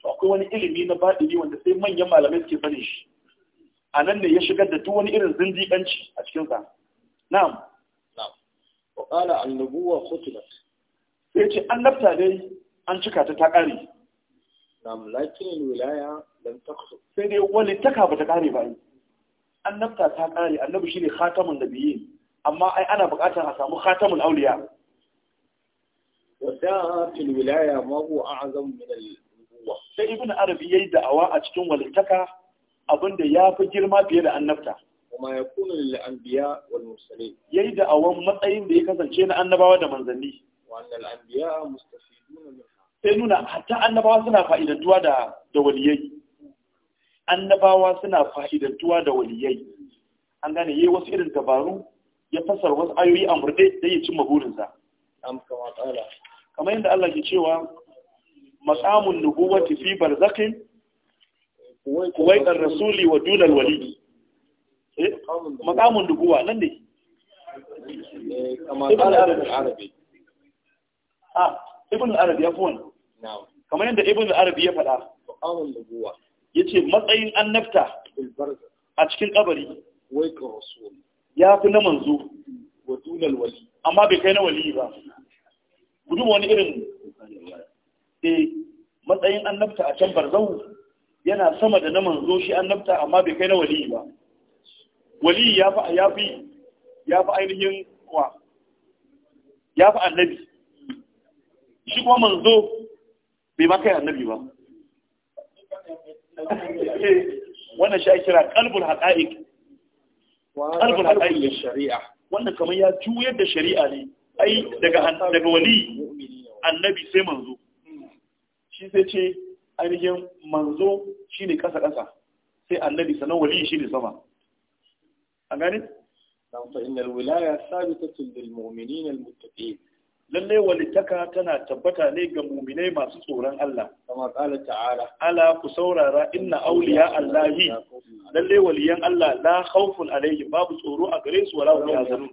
to akwai wani ilimi na baɗini wanda sai manyan malamai suke sanin shi a nan ne ya shigar da duk wani irin zindiƙanci a cikinsa na'am na'am wa qala an-nubuwa khutimat sai ce lafta dai an cika ta ta ƙare na'am lakin wilaya lam takhsu sai dai wani taka ba ta kare ba An lafta ta ƙare annabi ne khatamun nabiyyin amma ai ana buƙatar a samu khatamun auliya Wata fil wilaya ma huwa a'zam min al-nubuwa sai ibn arabi yayi da'awa a cikin walitaka abin da ya fi girma fiye da annabta kuma ya kuna lil anbiya wal mursalin yayi da awan matsayin da ya kasance na annabawa da manzanni wannan anbiya mustafiduna minha sai nuna hatta annabawa suna fa'idantuwa da da waliyai annabawa suna fa'idantuwa da waliyai an gane yayi wasu irin dabaru ya fasar wasu ayoyi a murde da ya cimma burinsa am kama tsala kamar yadda Allah ke cewa maqamun nubuwati fi Barzakin. ɗan rasuli wa dunal wali eh? makamun duguwa nan ne eh, ibn al-arabi ya fi wani kamar yadda ibn al-arabi ya faɗa ya ce matsayin annabta a cikin kabari ya fi na manzo amma bai kai na wali ba gudu wani irin eh, matsayin annabta a can barzahu yana sama da na manzo shi annabta amma bai kai na waliyi ba waliyi ya fi ya fi ya fi ainihin wa ya fi annabi shi kuma manzo bai ma kai annabi ba wannan shi ake kira kalbul haqa'iq kalbul haqa'iq shari'a wannan kamar ya juyar da shari'a ne ai daga daga waliyi annabi sai manzo shi sai ce ainihin manzo shine kasa kasa sai annabi sanan wali shine sama an gani dan fa innal wilaya sabitatun lil mu'minin al muttaqin lalle walitaka tana tabbata ne ga mu'minai masu tsoron Allah kama qala ta'ala ala ku saurara inna awliya allahi lalle waliyan Allah la khawfun alaihim babu tsoro a gare su wala hum yahzanun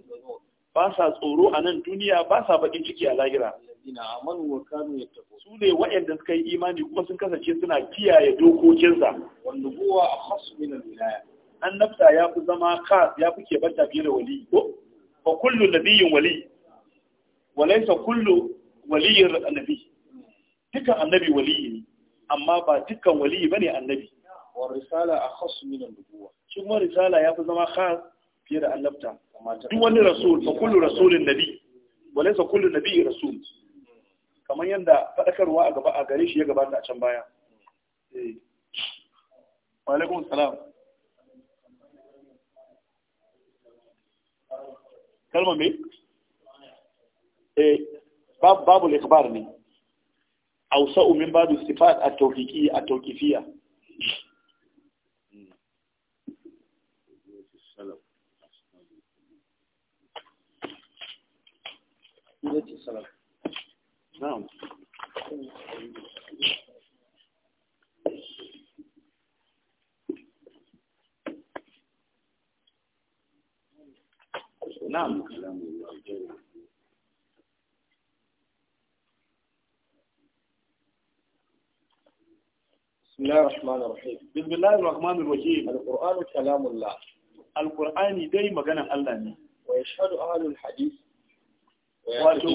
ba sa tsoro a nan duniya ba sa bakin ciki a lahira allazina amanu wa kanu yattaqun su ne waɗanda suka yi imani kuma sun kasance suna kiyaye dokokinsa wanda huwa akhas min alwilaya annabta ya fi zama khas ya fi kebanta fiye da wali ko fa kullu nabiyyin wali wa laysa kullu waliyin annabi Dukkan annabi waliyi ne amma ba dukkan waliyi bane annabi wa risala akhas min an-nubuwa shi kuma risala ya fi zama khas fiye da annabta duk wani rasul fa kullu rasulin nabi wa laysa kullu nabi rasul kamar yadda faɗakarwa a gaba gare shi ya gabata a can baya eh. Walaikun salam. Kalmar me? Eh, babu likbar ne. Ausa umin babu sifat a taukiki a taukifiya. Salam. نعم نعم بسم الله الرحمن الرحيم بسم الله الرحمن الرحيم القرآن كلام الله القرآن دايما كان الله ويشهد أهل الحديث wato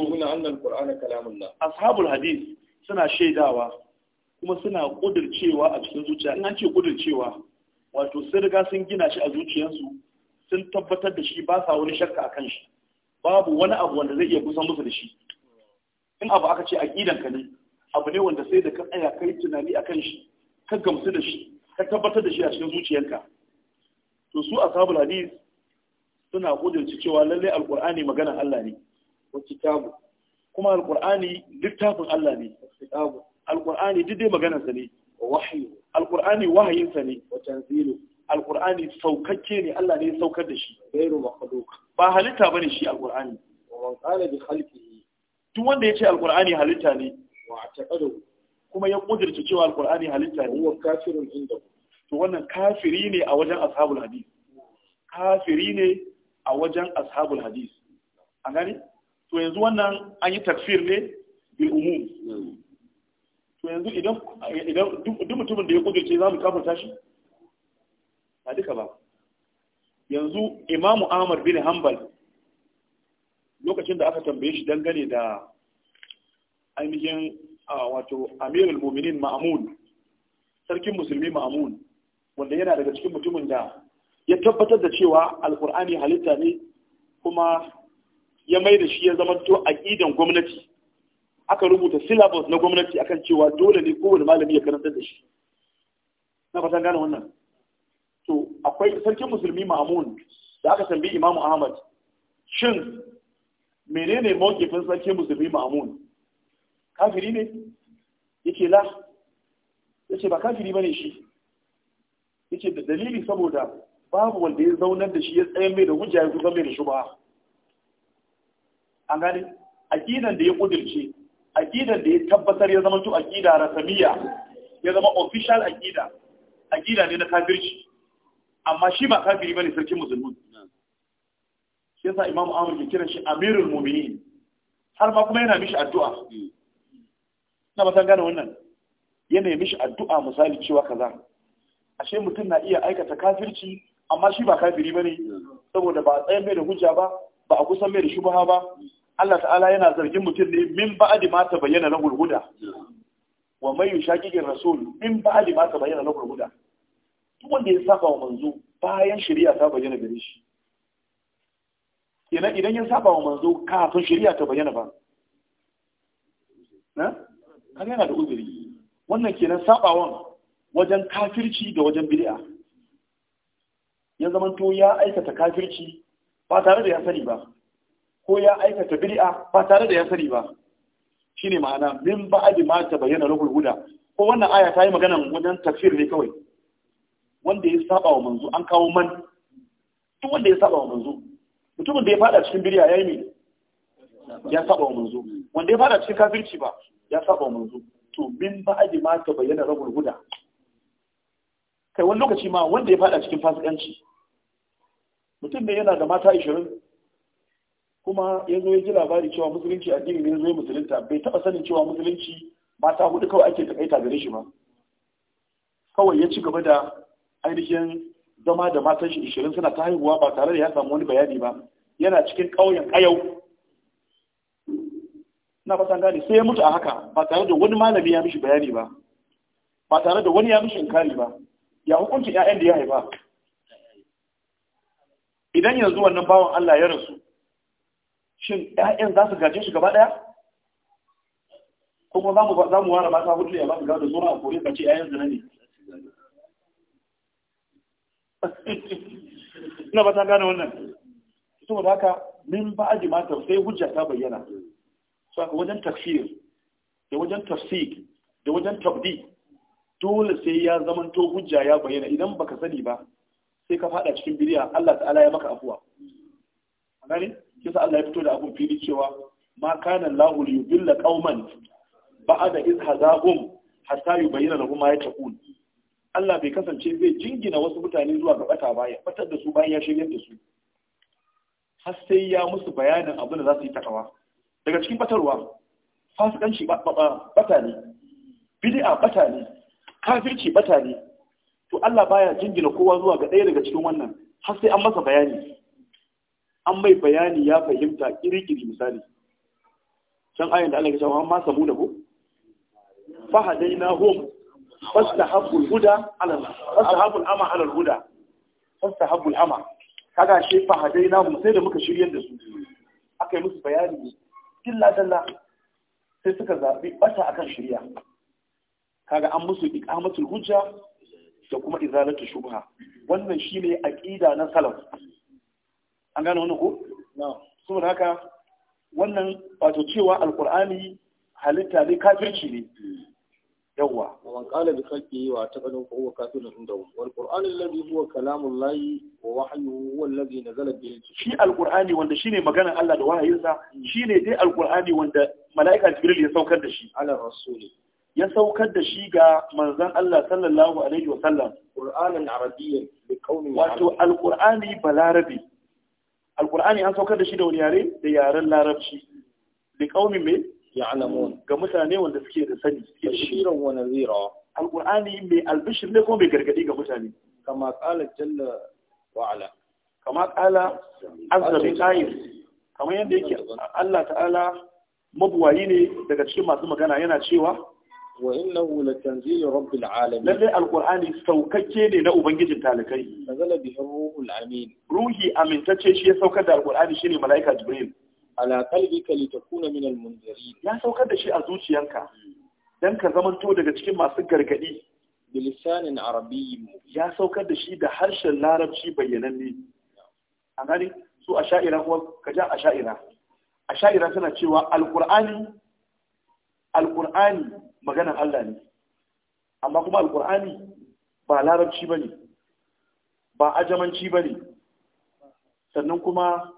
ashabul hadith suna shaidawa kuma suna kudircewa a cikin zuciya in an ce kudircewa wato sun riga sun gina shi a zuciyarsu sun tabbatar da shi ba sa wani shakka a kan shi babu wani abu wanda zai iya kusan musu da shi in abu aka ce a kidan ka ne abu ne wanda sai da ka tsaya kai tunani a kan shi ka gamsu da shi ka tabbatar da shi a cikin zuciyarka to su ashabul hadith suna kudirce cewa lallai alqur'ani maganar Allah ne wa kitabu kuma alqur'ani littafin Allah ne kitabu alqur'ani duk dai maganar sa ne wa wahyu alqur'ani wahayin sa ne wa tanzilu alqur'ani saukakke ne Allah ne ya saukar da shi gairu makhluq ba halitta bane shi alqur'ani wa man qala bi khalqihi duk wanda yace alqur'ani halitta ne wa ta'adu kuma ya kudirce cewa alqur'ani halitta ne huwa kafirun inda. to wannan kafiri ne a wajen ashabul hadith kafiri ne a wajen ashabul hadis an gani to yanzu wannan an yi tafsir ne bil umum to yanzu idan idan duk mutumin da ya kudurce za mu kafa shi ba duka ba yanzu imamu ahmad bin hanbal lokacin da aka tambaye shi dangane da ainihin wato amirul muminin ma'amun sarkin musulmi ma'amun wanda yana daga cikin mutumin da ya tabbatar da cewa alkur'ani halitta ne kuma ya mai da shi ya zama to idan gwamnati aka rubuta syllabus na gwamnati akan cewa dole ne kowane malami ya karanta da shi na fatan gane wannan to akwai sarkin musulmi ma'amun da aka tambayi imamu ahmad shin menene mawkifin sarkin musulmi ma'amun kafiri ne yake la yace ba kafiri bane shi yace da dalili saboda babu wanda ya zaunar da shi ya tsaye mai da hujja ya kusa mai da shubha an gane aqidan da ya kudirce aqidan da ya tabbatar ya zama to aqida rasmiya ya zama official aqida aqida ne na kafirci amma shi ba kafiri bane sarkin musulmi shi yasa imamu amr ke kiran shi amirul mu'minin har ma kuma yana mishi addu'a na ba san gane wannan yana mishi addu'a misali cewa kaza ashe mutum na iya aikata kafirci amma shi ba kafiri bane saboda ba a mai da hujja ba ba a kusan mai da shubha ba Allah ta'ala yana zargin mutum ne min ba'di ma ta bayyana lahul huda wa man yushaqiqir rasul min ba'di ma ta bayyana lahul huda duk wanda ya saba wa manzo bayan shari'a ta bayyana gare shi kenan idan ya saba wa manzo kafin shari'a ta bayyana ba na kan yana da uzuri wannan kenan sabawan wajen kafirci da wajen bid'a ya to ya aikata kafirci ba tare da ya sani ba ko ya aikata bid'a ba tare da ya sani ba shine ma'ana min ba'di ma bayyana lahul huda ko wannan aya ta yi magana wajen tafsir ne kawai wanda ya saba wa manzo an kawo man duk wanda ya saba wa manzo mutumin da ya fada cikin bid'a yayi ne ya saba wa manzo wanda ya fada cikin kafirci ba ya saba wa manzo to min ba'di ma bayyana lahul huda kai wani lokaci ma wanda ya fada cikin fasikanci mutum ne yana da mata ishirin kuma ya zo ya ji labari cewa musulunci addini ne zo musulunta bai taɓa sanin cewa musulunci mata hudu kawai ake takaita gare shi ba kawai ya ci gaba da ainihin zama da matan shi ishirin suna ta haihuwa ba tare da ya samu wani bayani ba yana cikin ƙauyen ƙayau na fasan gane sai ya mutu a haka ba tare da wani malami ya mishi bayani ba ba tare da wani ya mishi inkari ba ya hukunci ƴaƴan da ya haifa idan yanzu wannan bawan Allah ya rasu shin 'ya'yan za su gaje shi gaba ɗaya kuma za mu ware mata hudu ya ba su da zuwa a kore ka ce ƴaƴan zina ne ina ba ta gane wannan saboda haka min ba aji ma sai hujja ta bayyana su haka wajen tafsir da wajen tafsir da wajen tabdi dole sai ya zamanto hujja ya bayyana idan baka sani ba sai ka fada cikin bidiya Allah ta'ala ya maka afuwa gani kisa Allah ya fito da abun fili cewa ma kana Allahu yudilla qauman ba'da iz hazahum hatta yubayyana lahum ma yaqul Allah bai kasance zai jingina wasu mutane zuwa ga bata ba ya batar da su bayan ya shirye da su har sai ya musu bayanin abin da za su yi takawa daga cikin batarwa fasikanci bata ne bid'a bata ne kafirci bata ne to Allah baya jingina kowa zuwa ga ɗaya daga cikin wannan har sai an masa bayani an mai bayani ya fahimta kirikiri misali can ayin da Allah ya cewa ma samu da ku fahadainahum fastahabul huda ala fastahabul ama ala huda fastahabul ama kaga shi fahadainahum sai da muka shiryar da su aka yi musu bayani illa dalla sai suka zabi bata akan shirya kaga an musu iqamatul hujja da kuma izalatu shubha wannan shine aqida na salaf an gano wannan ko na'am saboda haka wannan wato cewa alqur'ani halitta ne kafirci ne yawwa wa man qala bi yi wa taqadum fa huwa kafirun inda wa qur'an alladhi huwa kalamullahi wa wahyuhu huwa alladhi nazala bihi shi alqur'ani wanda shine maganar Allah da wahayinsa shine dai alqur'ani wanda mala'ika jibril ya saukar da shi ala rasuli ya saukar da shi ga manzan Allah sallallahu alaihi wa sallam Qur'anan arabiyyan li qaumin wato alqur'ani balarabi alqur'ani an saukar da shi da wani yare da yaren larabci li qaumin me ya'lamun ga mutane wanda suke da sani suke shirin wa nazira alqur'ani mai albishir ne ko mai gargadi ga mutane kama qala jalla wa ala kama qala azza bi kamar yadda yake Allah ta'ala mabuwayi ne daga cikin masu magana yana cewa wa innahu latanzilu rabbil alamin lalle alqur'ani saukakke ne na ubangijin talakai nazala bihi ruhul amin ruhi amintacce shi ya saukar da alqur'ani shine malaika jibril ala qalbika litakuna min almunzirin ya saukar da shi a zuciyarka. dan ka zamanto daga cikin masu gargadi bilisanin arabiyyin ya saukar da shi da harshen larabci bayyananne a gani su a sha'ira kuma ka ja a sha'ira a sha'ira tana cewa alqur'ani alqur'ani Maganar Allah ne amma kuma alkur'ani ba larabci ba ne ba ajamanci ba ne sannan kuma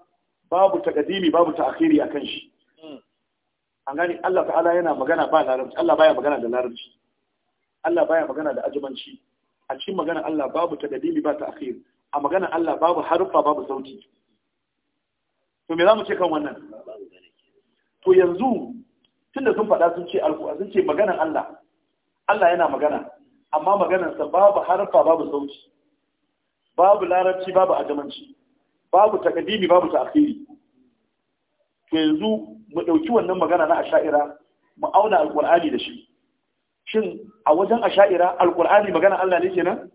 babu takadimi babu ta'akhiri a kan shi an gani Allah ta'ala yana magana ba larabci Allah baya magana da larabci Allah baya magana da ajamanci a cikin maganar Allah babu takadimi ba ta'akhir a maganar Allah babu harfa babu sauti to me zamu ce kan wannan to yanzu tunda sun faɗa sun ce alku sun ce maganan Allah Allah yana magana amma maganarsa babu harfa babu sauci babu larabci babu ajamanci babu takadimi babu ta'khiri to yanzu mu dauki wannan magana na asha'ira mu auna alqur'ani da shi shin a wajen asha'ira alqur'ani magana Allah ne kenan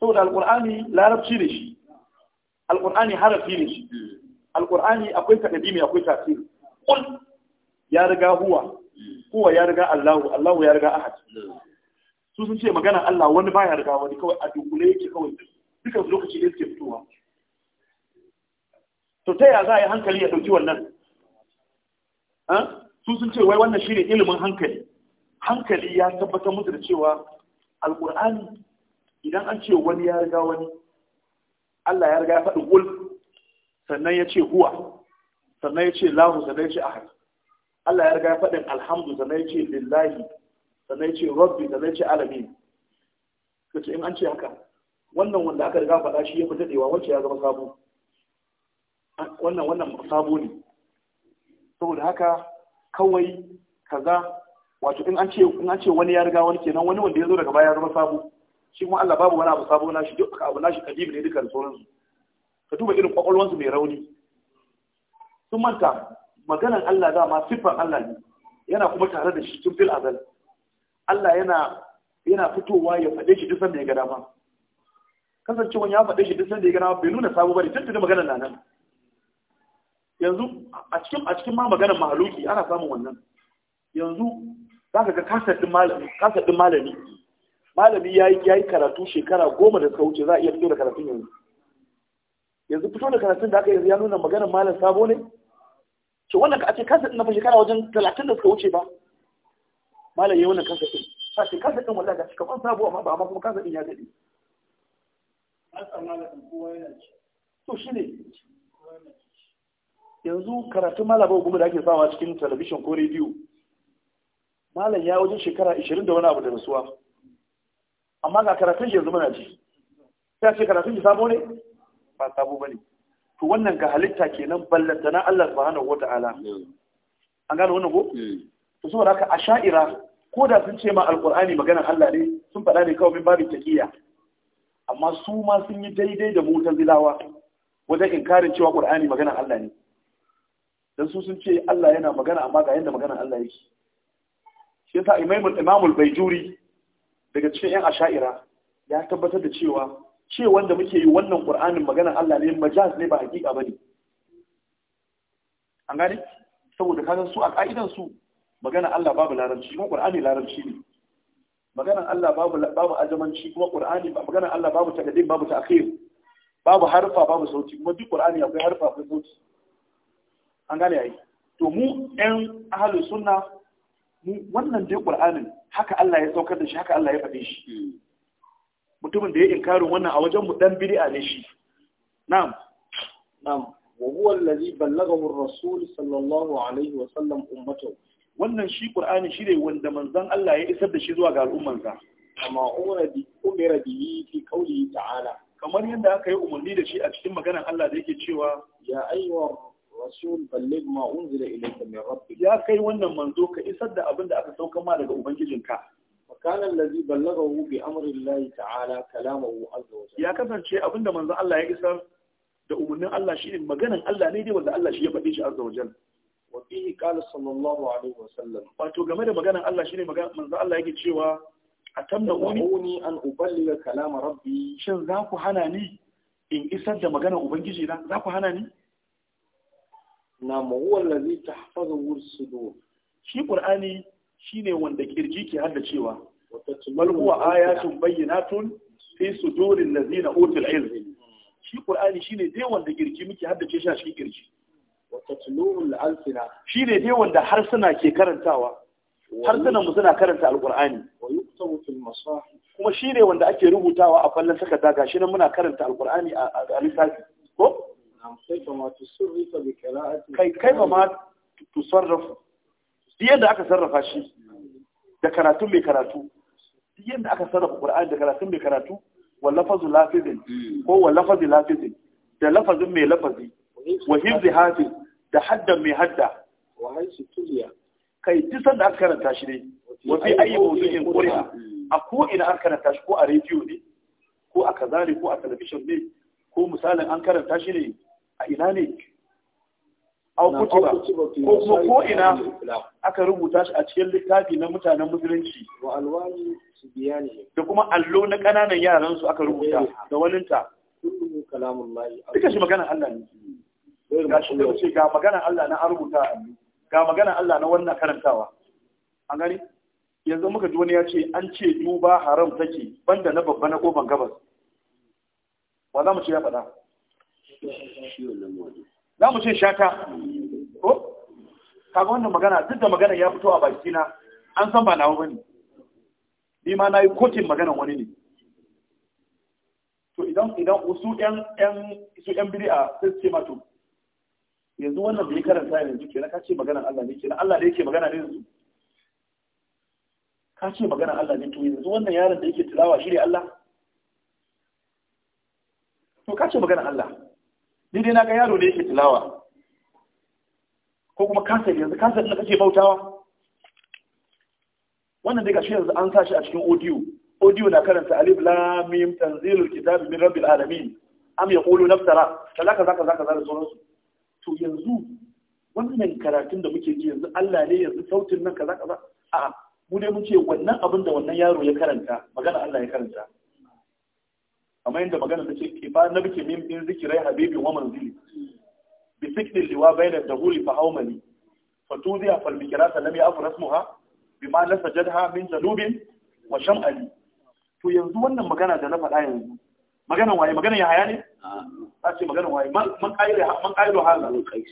saboda alqur'ani larabci ne shi alqur'ani harafi ne shi alqur'ani akwai takadimi akwai ta'khiri ya riga huwa huwa ya riga Allahu Allahu ya riga ahad su sun ce magana Allah wani baya riga wani kawai a dukule yake kawai dukan lokaci ne suke fitowa to ta ya za a yi hankali ya dauki wannan su sun ce wai wannan shine ilimin hankali hankali ya tabbatar musu da cewa alqur'ani idan an ce wani ya riga wani Allah ya riga ya faɗi gul sannan ya ce huwa sannan ya ce lahu sannan ya ce ahad Allah ya riga faɗin alhamdu sannan ya ce lillahi sannan ya ce rabbi sannan ya ce alamin ka ce in an ce haka wannan wanda aka riga faɗa shi ya fi daɗewa wacce ya zama sabo wannan wannan sabo ne saboda haka kawai kaza wato in an ce in an ce wani ya riga wani kenan wani wanda ya zo daga baya ya zama sabo shi kuma Allah babu wani abu sabo na shi duk abu na shi kadim ne duka da sauransu ka duba irin kwakwalwansu mai rauni sun manta maganan Allah dama siffan Allah ne yana kuma tare da shi tun fil azal Allah yana yana fitowa ya faɗe shi duk sanda ya ga dama kasancewan ya faɗe shi duk sanda ya ga dama bai nuna sabo bane tun tuni maganar nan yanzu a cikin a cikin ma maganar mahaluki ana samun wannan yanzu za ga kasar din malami kasar din malami malami yayi yayi karatu shekara goma da kauce wuce za a iya fito da karatun yanzu yanzu fito da karatun da aka yanzu ya nuna maganar malam sabo ne to wannan a ce kasa na fashe kana wajen talatin da suka wuce ba malam wannan kasa din a ce kasa din wallahi ga shi kaman sabo amma ba amma kuma kasa din ya dade to shine yanzu karatun malaba gumi da ake sawa cikin talabishin ko rediyo malam ya wajen shekara 20 da wani abu da rasuwa amma ga karatun yanzu muna ji Ta ce karatun ji sabo ne ba sabo ba ne to wannan ga halitta kenan ballanta na Allah subhanahu wata'ala an gano wannan ko hmm. to saboda haka asha'ira ko da sun ce ma alqur'ani maganar Allah ne sun faɗa ne kawai min babin taqiya amma su ma sun yi daidai da mutazilawa wajen inkarin cewa qur'ani maganar Allah ne dan su sun ce Allah yana magana amma ga yanda maganar Allah yake shi yasa imamul imamul bayjuri daga cikin yan asha'ira ya tabbatar da cewa ce wanda muke yi wannan qur'anin magana Allah ne majaz ne ba hakika ne. an gane saboda kasan su a ƙa'idansu magana Allah babu larabci kuma qur'ani larabci ne maganar Allah babu babu ajamanci kuma qur'ani maganar Allah babu takaddin babu ta'khir babu harfa babu sauti kuma duk qur'ani akwai harfa akwai sauti an gane yayi to mu ɗan ahlus sunna mu wannan dai qur'anin haka Allah ya saukar da shi haka Allah ya faɗe shi hmm. mutumin da ya inkarin wannan a wajen mu dan bid'a ne shi na'am na'am wa huwa allazi ballaghahu ar-rasul sallallahu alaihi wa sallam ummatahu wannan shi qur'ani shi ne wanda manzon Allah ya isar da shi zuwa ga al'ummansa kama umara bi umara bi fi qawli ta'ala kamar yadda aka yi umarni da shi a cikin maganar Allah da yake cewa ya ayyuhar rasul balligh ma unzila ilayka min rabbik ya kai wannan manzo ka isar da abin da aka sauka ma daga ubangijinka وكان الذي بلغه بأمر الله تعالى كلامه عز وجل يا Ya kasance abinda من Allah ya يكسر da umarnin Allah shi ne maganan Allah ne dai wanda Allah shi ya faɗi shi azza wajal wa fihi qala sallallahu alaihi wa sallam wato game da maganan Allah shi ne manzo Allah yake cewa atamna uni an uballiga kalama rabbi shin za ku hana ni in isar da maganan ubangiji na za ku hana ni na huwa allazi tahfazuhu sudur shi qur'ani shine wanda ƙirji ke haddacewa bal huwa ayatun bayyinatun fi sudurin lazina utul ilm shi qur'ani shine dai wanda girji muke haddace shi a cikin girji wa tatlurul alsina shine dai wanda harsuna ke karantawa harsunan mu suna karanta alqur'ani wa yuktabu fil masahif kuma shine wanda ake rubutawa a fallan saka daga shi nan muna karanta alqur'ani a lissafi ko kai kai ma tusarrafu yadda aka sarrafa shi da karatu mai karatu yadda aka sarrafa Qur'ani da karatun bai karatu wa lafazu lafizin ko wa lafazi lafizin da lafazin mai lafazi wa hifzi hafi da hadda mai hadda wa haisu tuliya kai duk sanda aka karanta shi ne wa fi ayi mawdu'in qur'a a ko ina aka karanta shi ko a rediyo ne ko a kazari ko a talabijin ne ko misalin an karanta shi ne a ina ne au kutuba ko kuma ko ina aka rubuta shi a cikin littafi na mutanen musulunci da kuma allo na ƙananan yaran su aka rubuta da walinta duka shi magana Allah ne gashi da ce ga magana Allah na rubuta ga magana Allah na wannan karantawa an gani yanzu muka ji wani ya ce an ce duba haram take banda na babba na kofan gabas wa za mu ce ya faɗa za mu ce shata ko kaga wannan magana duk da magana ya fito a baki na an san ba nawa bane ni ma yi kotin maganan wani ne to idan idan usu yan yan su yan bid'a sai ce ma yanzu wannan bai karanta yanzu kenan ka ce maganan Allah ne kenan Allah ne yake magana ne yanzu ka ce maganan Allah ne to yanzu wannan yaron da yake tilawa shi ne Allah to ka ce maganan Allah ni dai na ga yaro da yake tilawa ko kuma kasar yanzu kasar da kake bautawa wannan daga shi yanzu an sa shi a cikin audio audio na karanta alif lam mim tanzilul kitabi min rabbil alamin am yaqulu naftara kaza kaza kaza kaza da su. to yanzu wannan karatun da muke ji yanzu Allah ne yanzu sautin nan kaza kaza a'a mu dai mun ce wannan abin da wannan yaro ya karanta magana Allah ya karanta kamar yadda magana ta ce ke ba na bike min bin zikirai habibi wa manzili bi sikdin liwa bayna dahuli fa haumali fa tuziya fal bikirata lam ya'fu rasmuha bima nasajadha min jalubin wa sham'ali to yanzu wannan magana da na faɗa yanzu maganan waye ya haya ne ta ce maganan waye man qailu man qailu hadha al-qais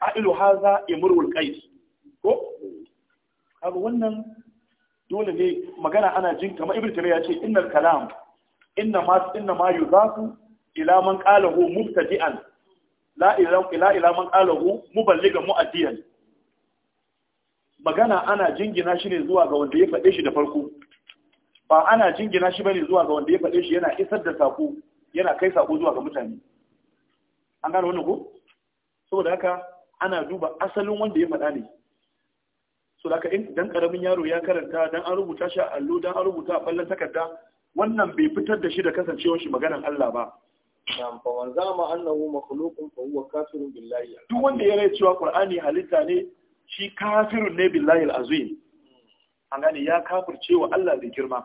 qailu hadha imrul qais ko kaga wannan dole ne magana ana jin kamar ibnu taymiya ya ce innal kalam inna ma inna ma yuzafu ila man qalahu mubtadi'an la ila ila ila man qalahu muballigan mu'addiyan magana ana jingina shi ne zuwa ga wanda ya faɗe shi da farko ba ana jingina shi bane zuwa ga wanda ya faɗe shi yana isar da sako yana kai sako zuwa ga mutane an gane wannan ko saboda haka ana duba asalin wanda ya faɗa ne saboda haka in dan karamin yaro ya karanta dan an rubuta shi a allo dan an rubuta a ballan takarda wannan bai fitar da shi da kasancewar shi maganan Allah ba nam fa man annahu makhluqun fa huwa kafirun billahi duk wanda ya rai cewa qur'ani halitta ne shi kafirun ne billahi alazim an gane ya kafirce wa Allah da girma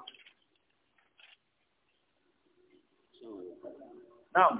Thank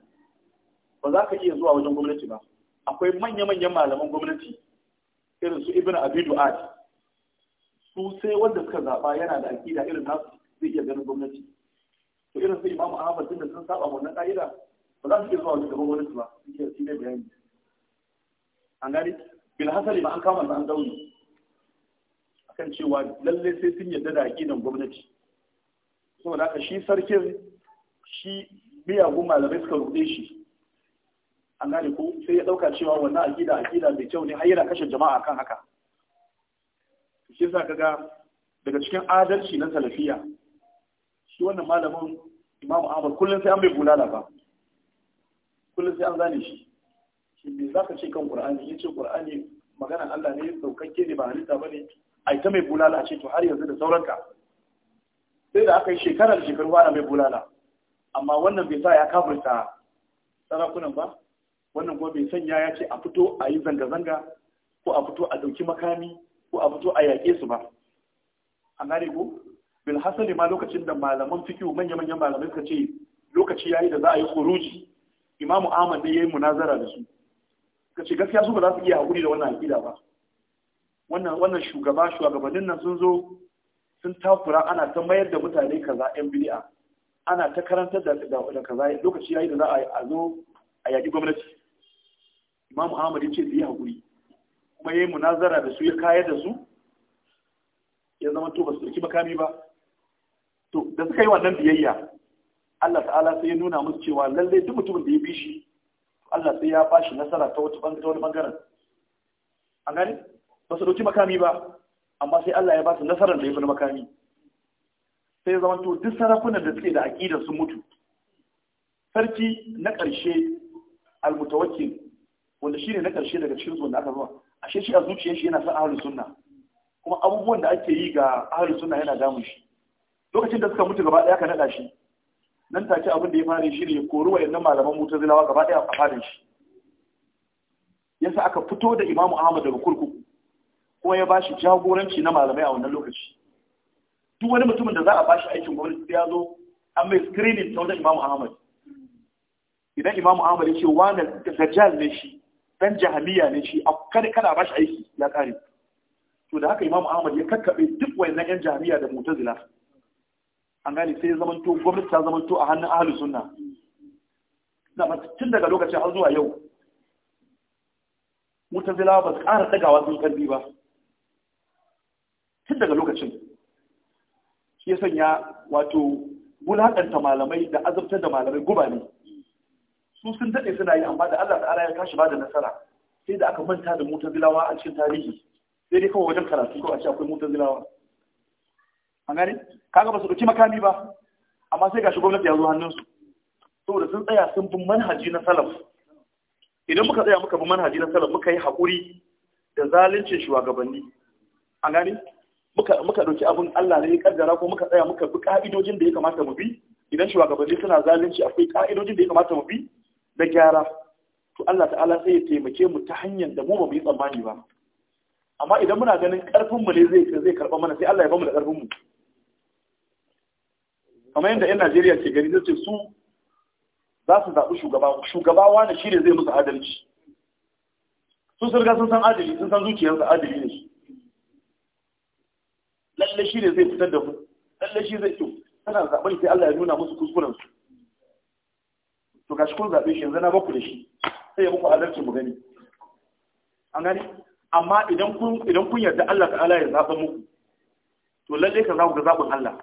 ba za ka iya zuwa wajen gwamnati ba akwai manya-manyan malaman gwamnati irin su ibn Abidu ad su sai wanda suka zaba yana da aƙida irin nasu zai iya ganin gwamnati to irin su imamu ahmad din da sun saba wannan ƙa'ida, ba za su iya zuwa wajen gwamnati ba suke shi ne bayani an gani bil hasali ma an kama su an zaune akan cewa lalle sai sun yarda da aƙidan gwamnati saboda haka shi sarkin shi miyagun malamai suka rude shi an gane ko sai ya dauka cewa wannan akida akida mai kyau ne har yana kashe jama'a kan haka shi yasa kaga daga cikin adalci na salafiya shi wannan malamin imamu ahmad kullum sai an bai bulala ba kullum sai an zane shi shi me za ce kan qur'ani yace qur'ani maganar Allah ne saukakke ne ba halitta bane ai ta mai bulala ce to har yanzu da sauranka sai da aka yi shekarar shekaru ana mai bulala amma wannan bai sa ya kafirta sarakunan ba wannan kuma bai sanya ya ce a fito a yi zanga-zanga ko a fito a ɗauki makami ko a fito a yaƙe su ba A nare ko bil hasali ma lokacin da malaman fikihu manya-manyan malamai suka ce lokaci yayi da za a yi khuruji imamu ahmad ne yayi munazara da su suka ce gaskiya su ba za su iya haƙuri da wannan aƙida ba wannan wannan shugaba shugabannin nan sun zo sun takura ana ta mayar da mutane kaza yan bid'a ana ta karantar da da kaza lokaci yayi da za a zo a yaƙi gwamnati imamu ahmad ya ce su yi haƙuri kuma ya yi munazara da su ya kayar da su ya zama to ba su ɗauki makami ba to da suka yi wannan biyayya Allah ta'ala sai ya nuna musu cewa lalle duk mutumin da ya bi shi Allah sai ya ba shi nasara ta wata bangare wani ɓangaren. an gani ba su ɗauki makami ba amma sai Allah ya ba su nasarar da ya fi makami sai ya zama to duk sarakunan da suke da aƙidar sun mutu sarki na ƙarshe almutawakkil wanda shi ne na ƙarshe daga cikin zuwan da aka zuwa ashe shi a zuciyar shi yana son ahalus sunna kuma abubuwan da ake yi ga ahalus sunna yana damun shi lokacin da suka mutu gaba ɗaya ka naɗa shi nan take abin da ya fara shi ne ya kori wayannan malaman mutazilawa gaba ɗaya a farin shi yasa aka fito da imamu ahmad daga kurkuku kuma ya bashi jagoranci na malamai a wannan lokaci duk wani mutumin da za a bashi aikin gwamnati sai ya zo an mai screening ta wajen imamu ahmad idan imamu ahmad ya ce wani dajjal ne shi dan jahiliya ne shi kada kada ba shi aiki ya kare to da haka imamu ahmad ya kakkabe duk wayannan yan jahiliya da mu'tazila an gane sai zaman to gwamnati ta zaman to a hannun ahlus sunna da tun daga lokacin har zuwa yau mu'tazila ba su ƙara dagawa sun karbi ba tun daga lokacin shi ya sanya wato wulakanta malamai da azabtar da malamai guba ne su sun daɗe suna yi amma da Allah ta'ala ya kashi ba da nasara sai da aka manta da zilawa a cikin tarihi sai dai kawai wajen karatu ko a ce akwai zilawa an gane kaga ba su ɗauki makami ba amma sai gashi gwamnati ya zo hannunsu saboda sun tsaya sun bi manhaji na salaf idan muka tsaya muka bi manhaji na salaf muka yi haƙuri da zaluncin shugabanni an gane muka muka ɗauki abin Allah ne ya kaddara ko muka tsaya muka bi ka'idojin da ya kamata mu bi idan shugabanni suna zalunci akwai ka'idojin da ya kamata mu bi na gyara to Allah ta'ala sai ya taimake mu ta hanyar da mu ba mu yi tsammani ba amma idan muna ganin karfin mu ne zai zai karba mana sai Allah ya bamu da karfin mu kamar yadda 'yan Najeriya ke gari zai ce su za su zaɓi shugaba shugaba wani shi ne zai musu adalci su sun riga sun san adali sun san zuciyarsa adali ne shi lalle shi ne zai fitar da mu lalle shi zai kyau tana zaɓen sai Allah ya nuna musu kuskurensu to gashi kun zaɓe shi yanzu na baku da shi sai ya muku halarci mu gani an gani amma idan kun idan kun yarda Allah ta'ala ya zaɓa muku to lalle ka zaku ga zaɓin Allah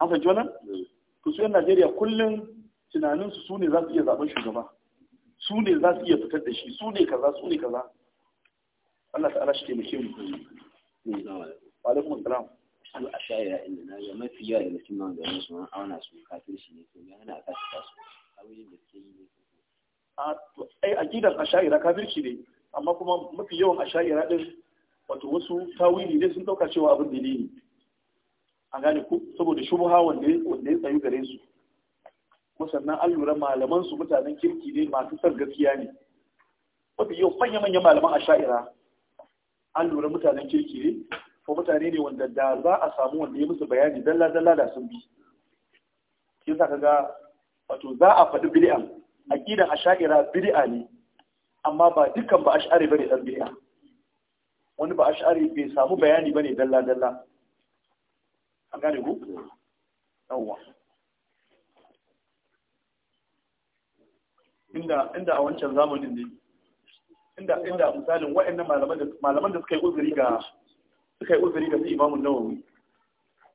an fahimci wannan to su yan Najeriya kullum tunanin su sune za su iya zaɓen shugaba su ne za su iya fitar da shi su ne kaza su ne kaza Allah ta'ala shi taimake mu wa alaikum assalam su a sha'ira inda na ga mafi yawa da cikin maganganun su an auna su kafin shi ne to ya hana a kasa su ta'awilin da suke yi ne a to ai aqidan ash'ari kafirci ne amma kuma mafi yawan ash'ari din wato wasu tawili ne sun dauka cewa abin dalili an gane ku saboda shubha wanda wanda ya tsayu gare su kuma sannan an lura malaman su mutanen kirki ne masu san gaskiya ne mafi yawan manya manya malaman ash'ari an lura mutanen kirki ne ko mutane ne wanda da za a samu wanda ya musu bayani dalla dalla da sun bi yasa kaga wato za a faɗi a ƙidan a sha'ira bid'a ne amma ba dukkan ba ba ne ɗan bid'a wani ba sha'ari bai samu bayani ba ne dalla dalla an gane ku yawwa inda inda a wancan zamanin ne inda inda misalin wa'annan malaman da malaman da suka yi uzuri ga suka yi uzuri ga su imamun Nawawi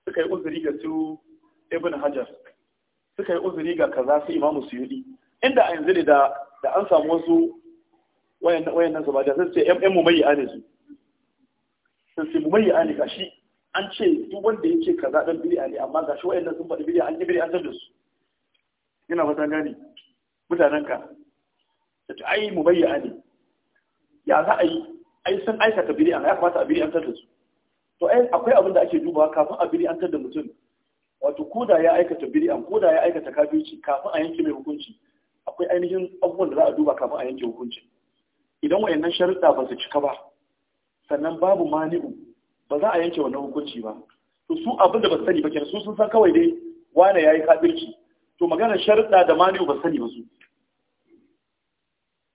suka yi uzuri ga su Ibn Hajar suka yi uzuri ga kaza su imamu suyudi inda a yanzu ne da da an samu wasu wayannan su ba da sai yan mumayya ne su sai mumayya ne gashi an ce duk wanda ya ce kaza dan bid'a ne amma gashi wayannan sun faɗi bid'a an yi bid'a san da su ina fata gani mutanen ka sai ai mumayya ne ya za a yi ai sun aikata bid'a ya kamata a bid'a san da su to ai akwai abin da ake dubawa kafin a bid'a san da mutum wato koda ya aikata ko koda ya aikata kafirci kafin a yanke mai hukunci akwai ainihin abubuwan da za a duba kafin a yanke hukunci idan wayannan sharuɗa ba su cika ba sannan babu mani'u ba za a yanke wannan hukunci ba to su abin da ba sani ba kenan su sun san kawai dai wane yayi kafirci to magana sharuɗa da mani'u ba sani ba su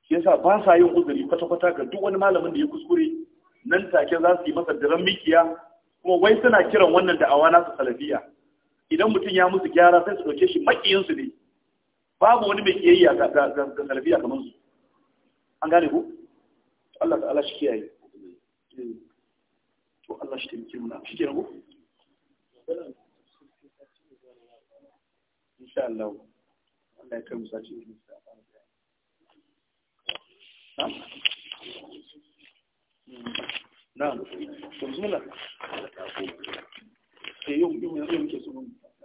shi yasa ba sa yin uzuri kwata-kwata ga duk wani malamin da ya kuskure nan take za su yi masa diran mikiya kuma wai suna kiran wannan da'awa nasu salafiya idan mutum ya musu gyara sai su ɗauke shi maƙiyinsu ne babu wani mai kiyayya ga salafiya kamar su an gane ku Allah ta Allah shi kiyaye to Allah shi taimake na shi ke ku insha Allah Allah ya kai mu sace mu na'am to bismillah sai eh, yau yau yau muke so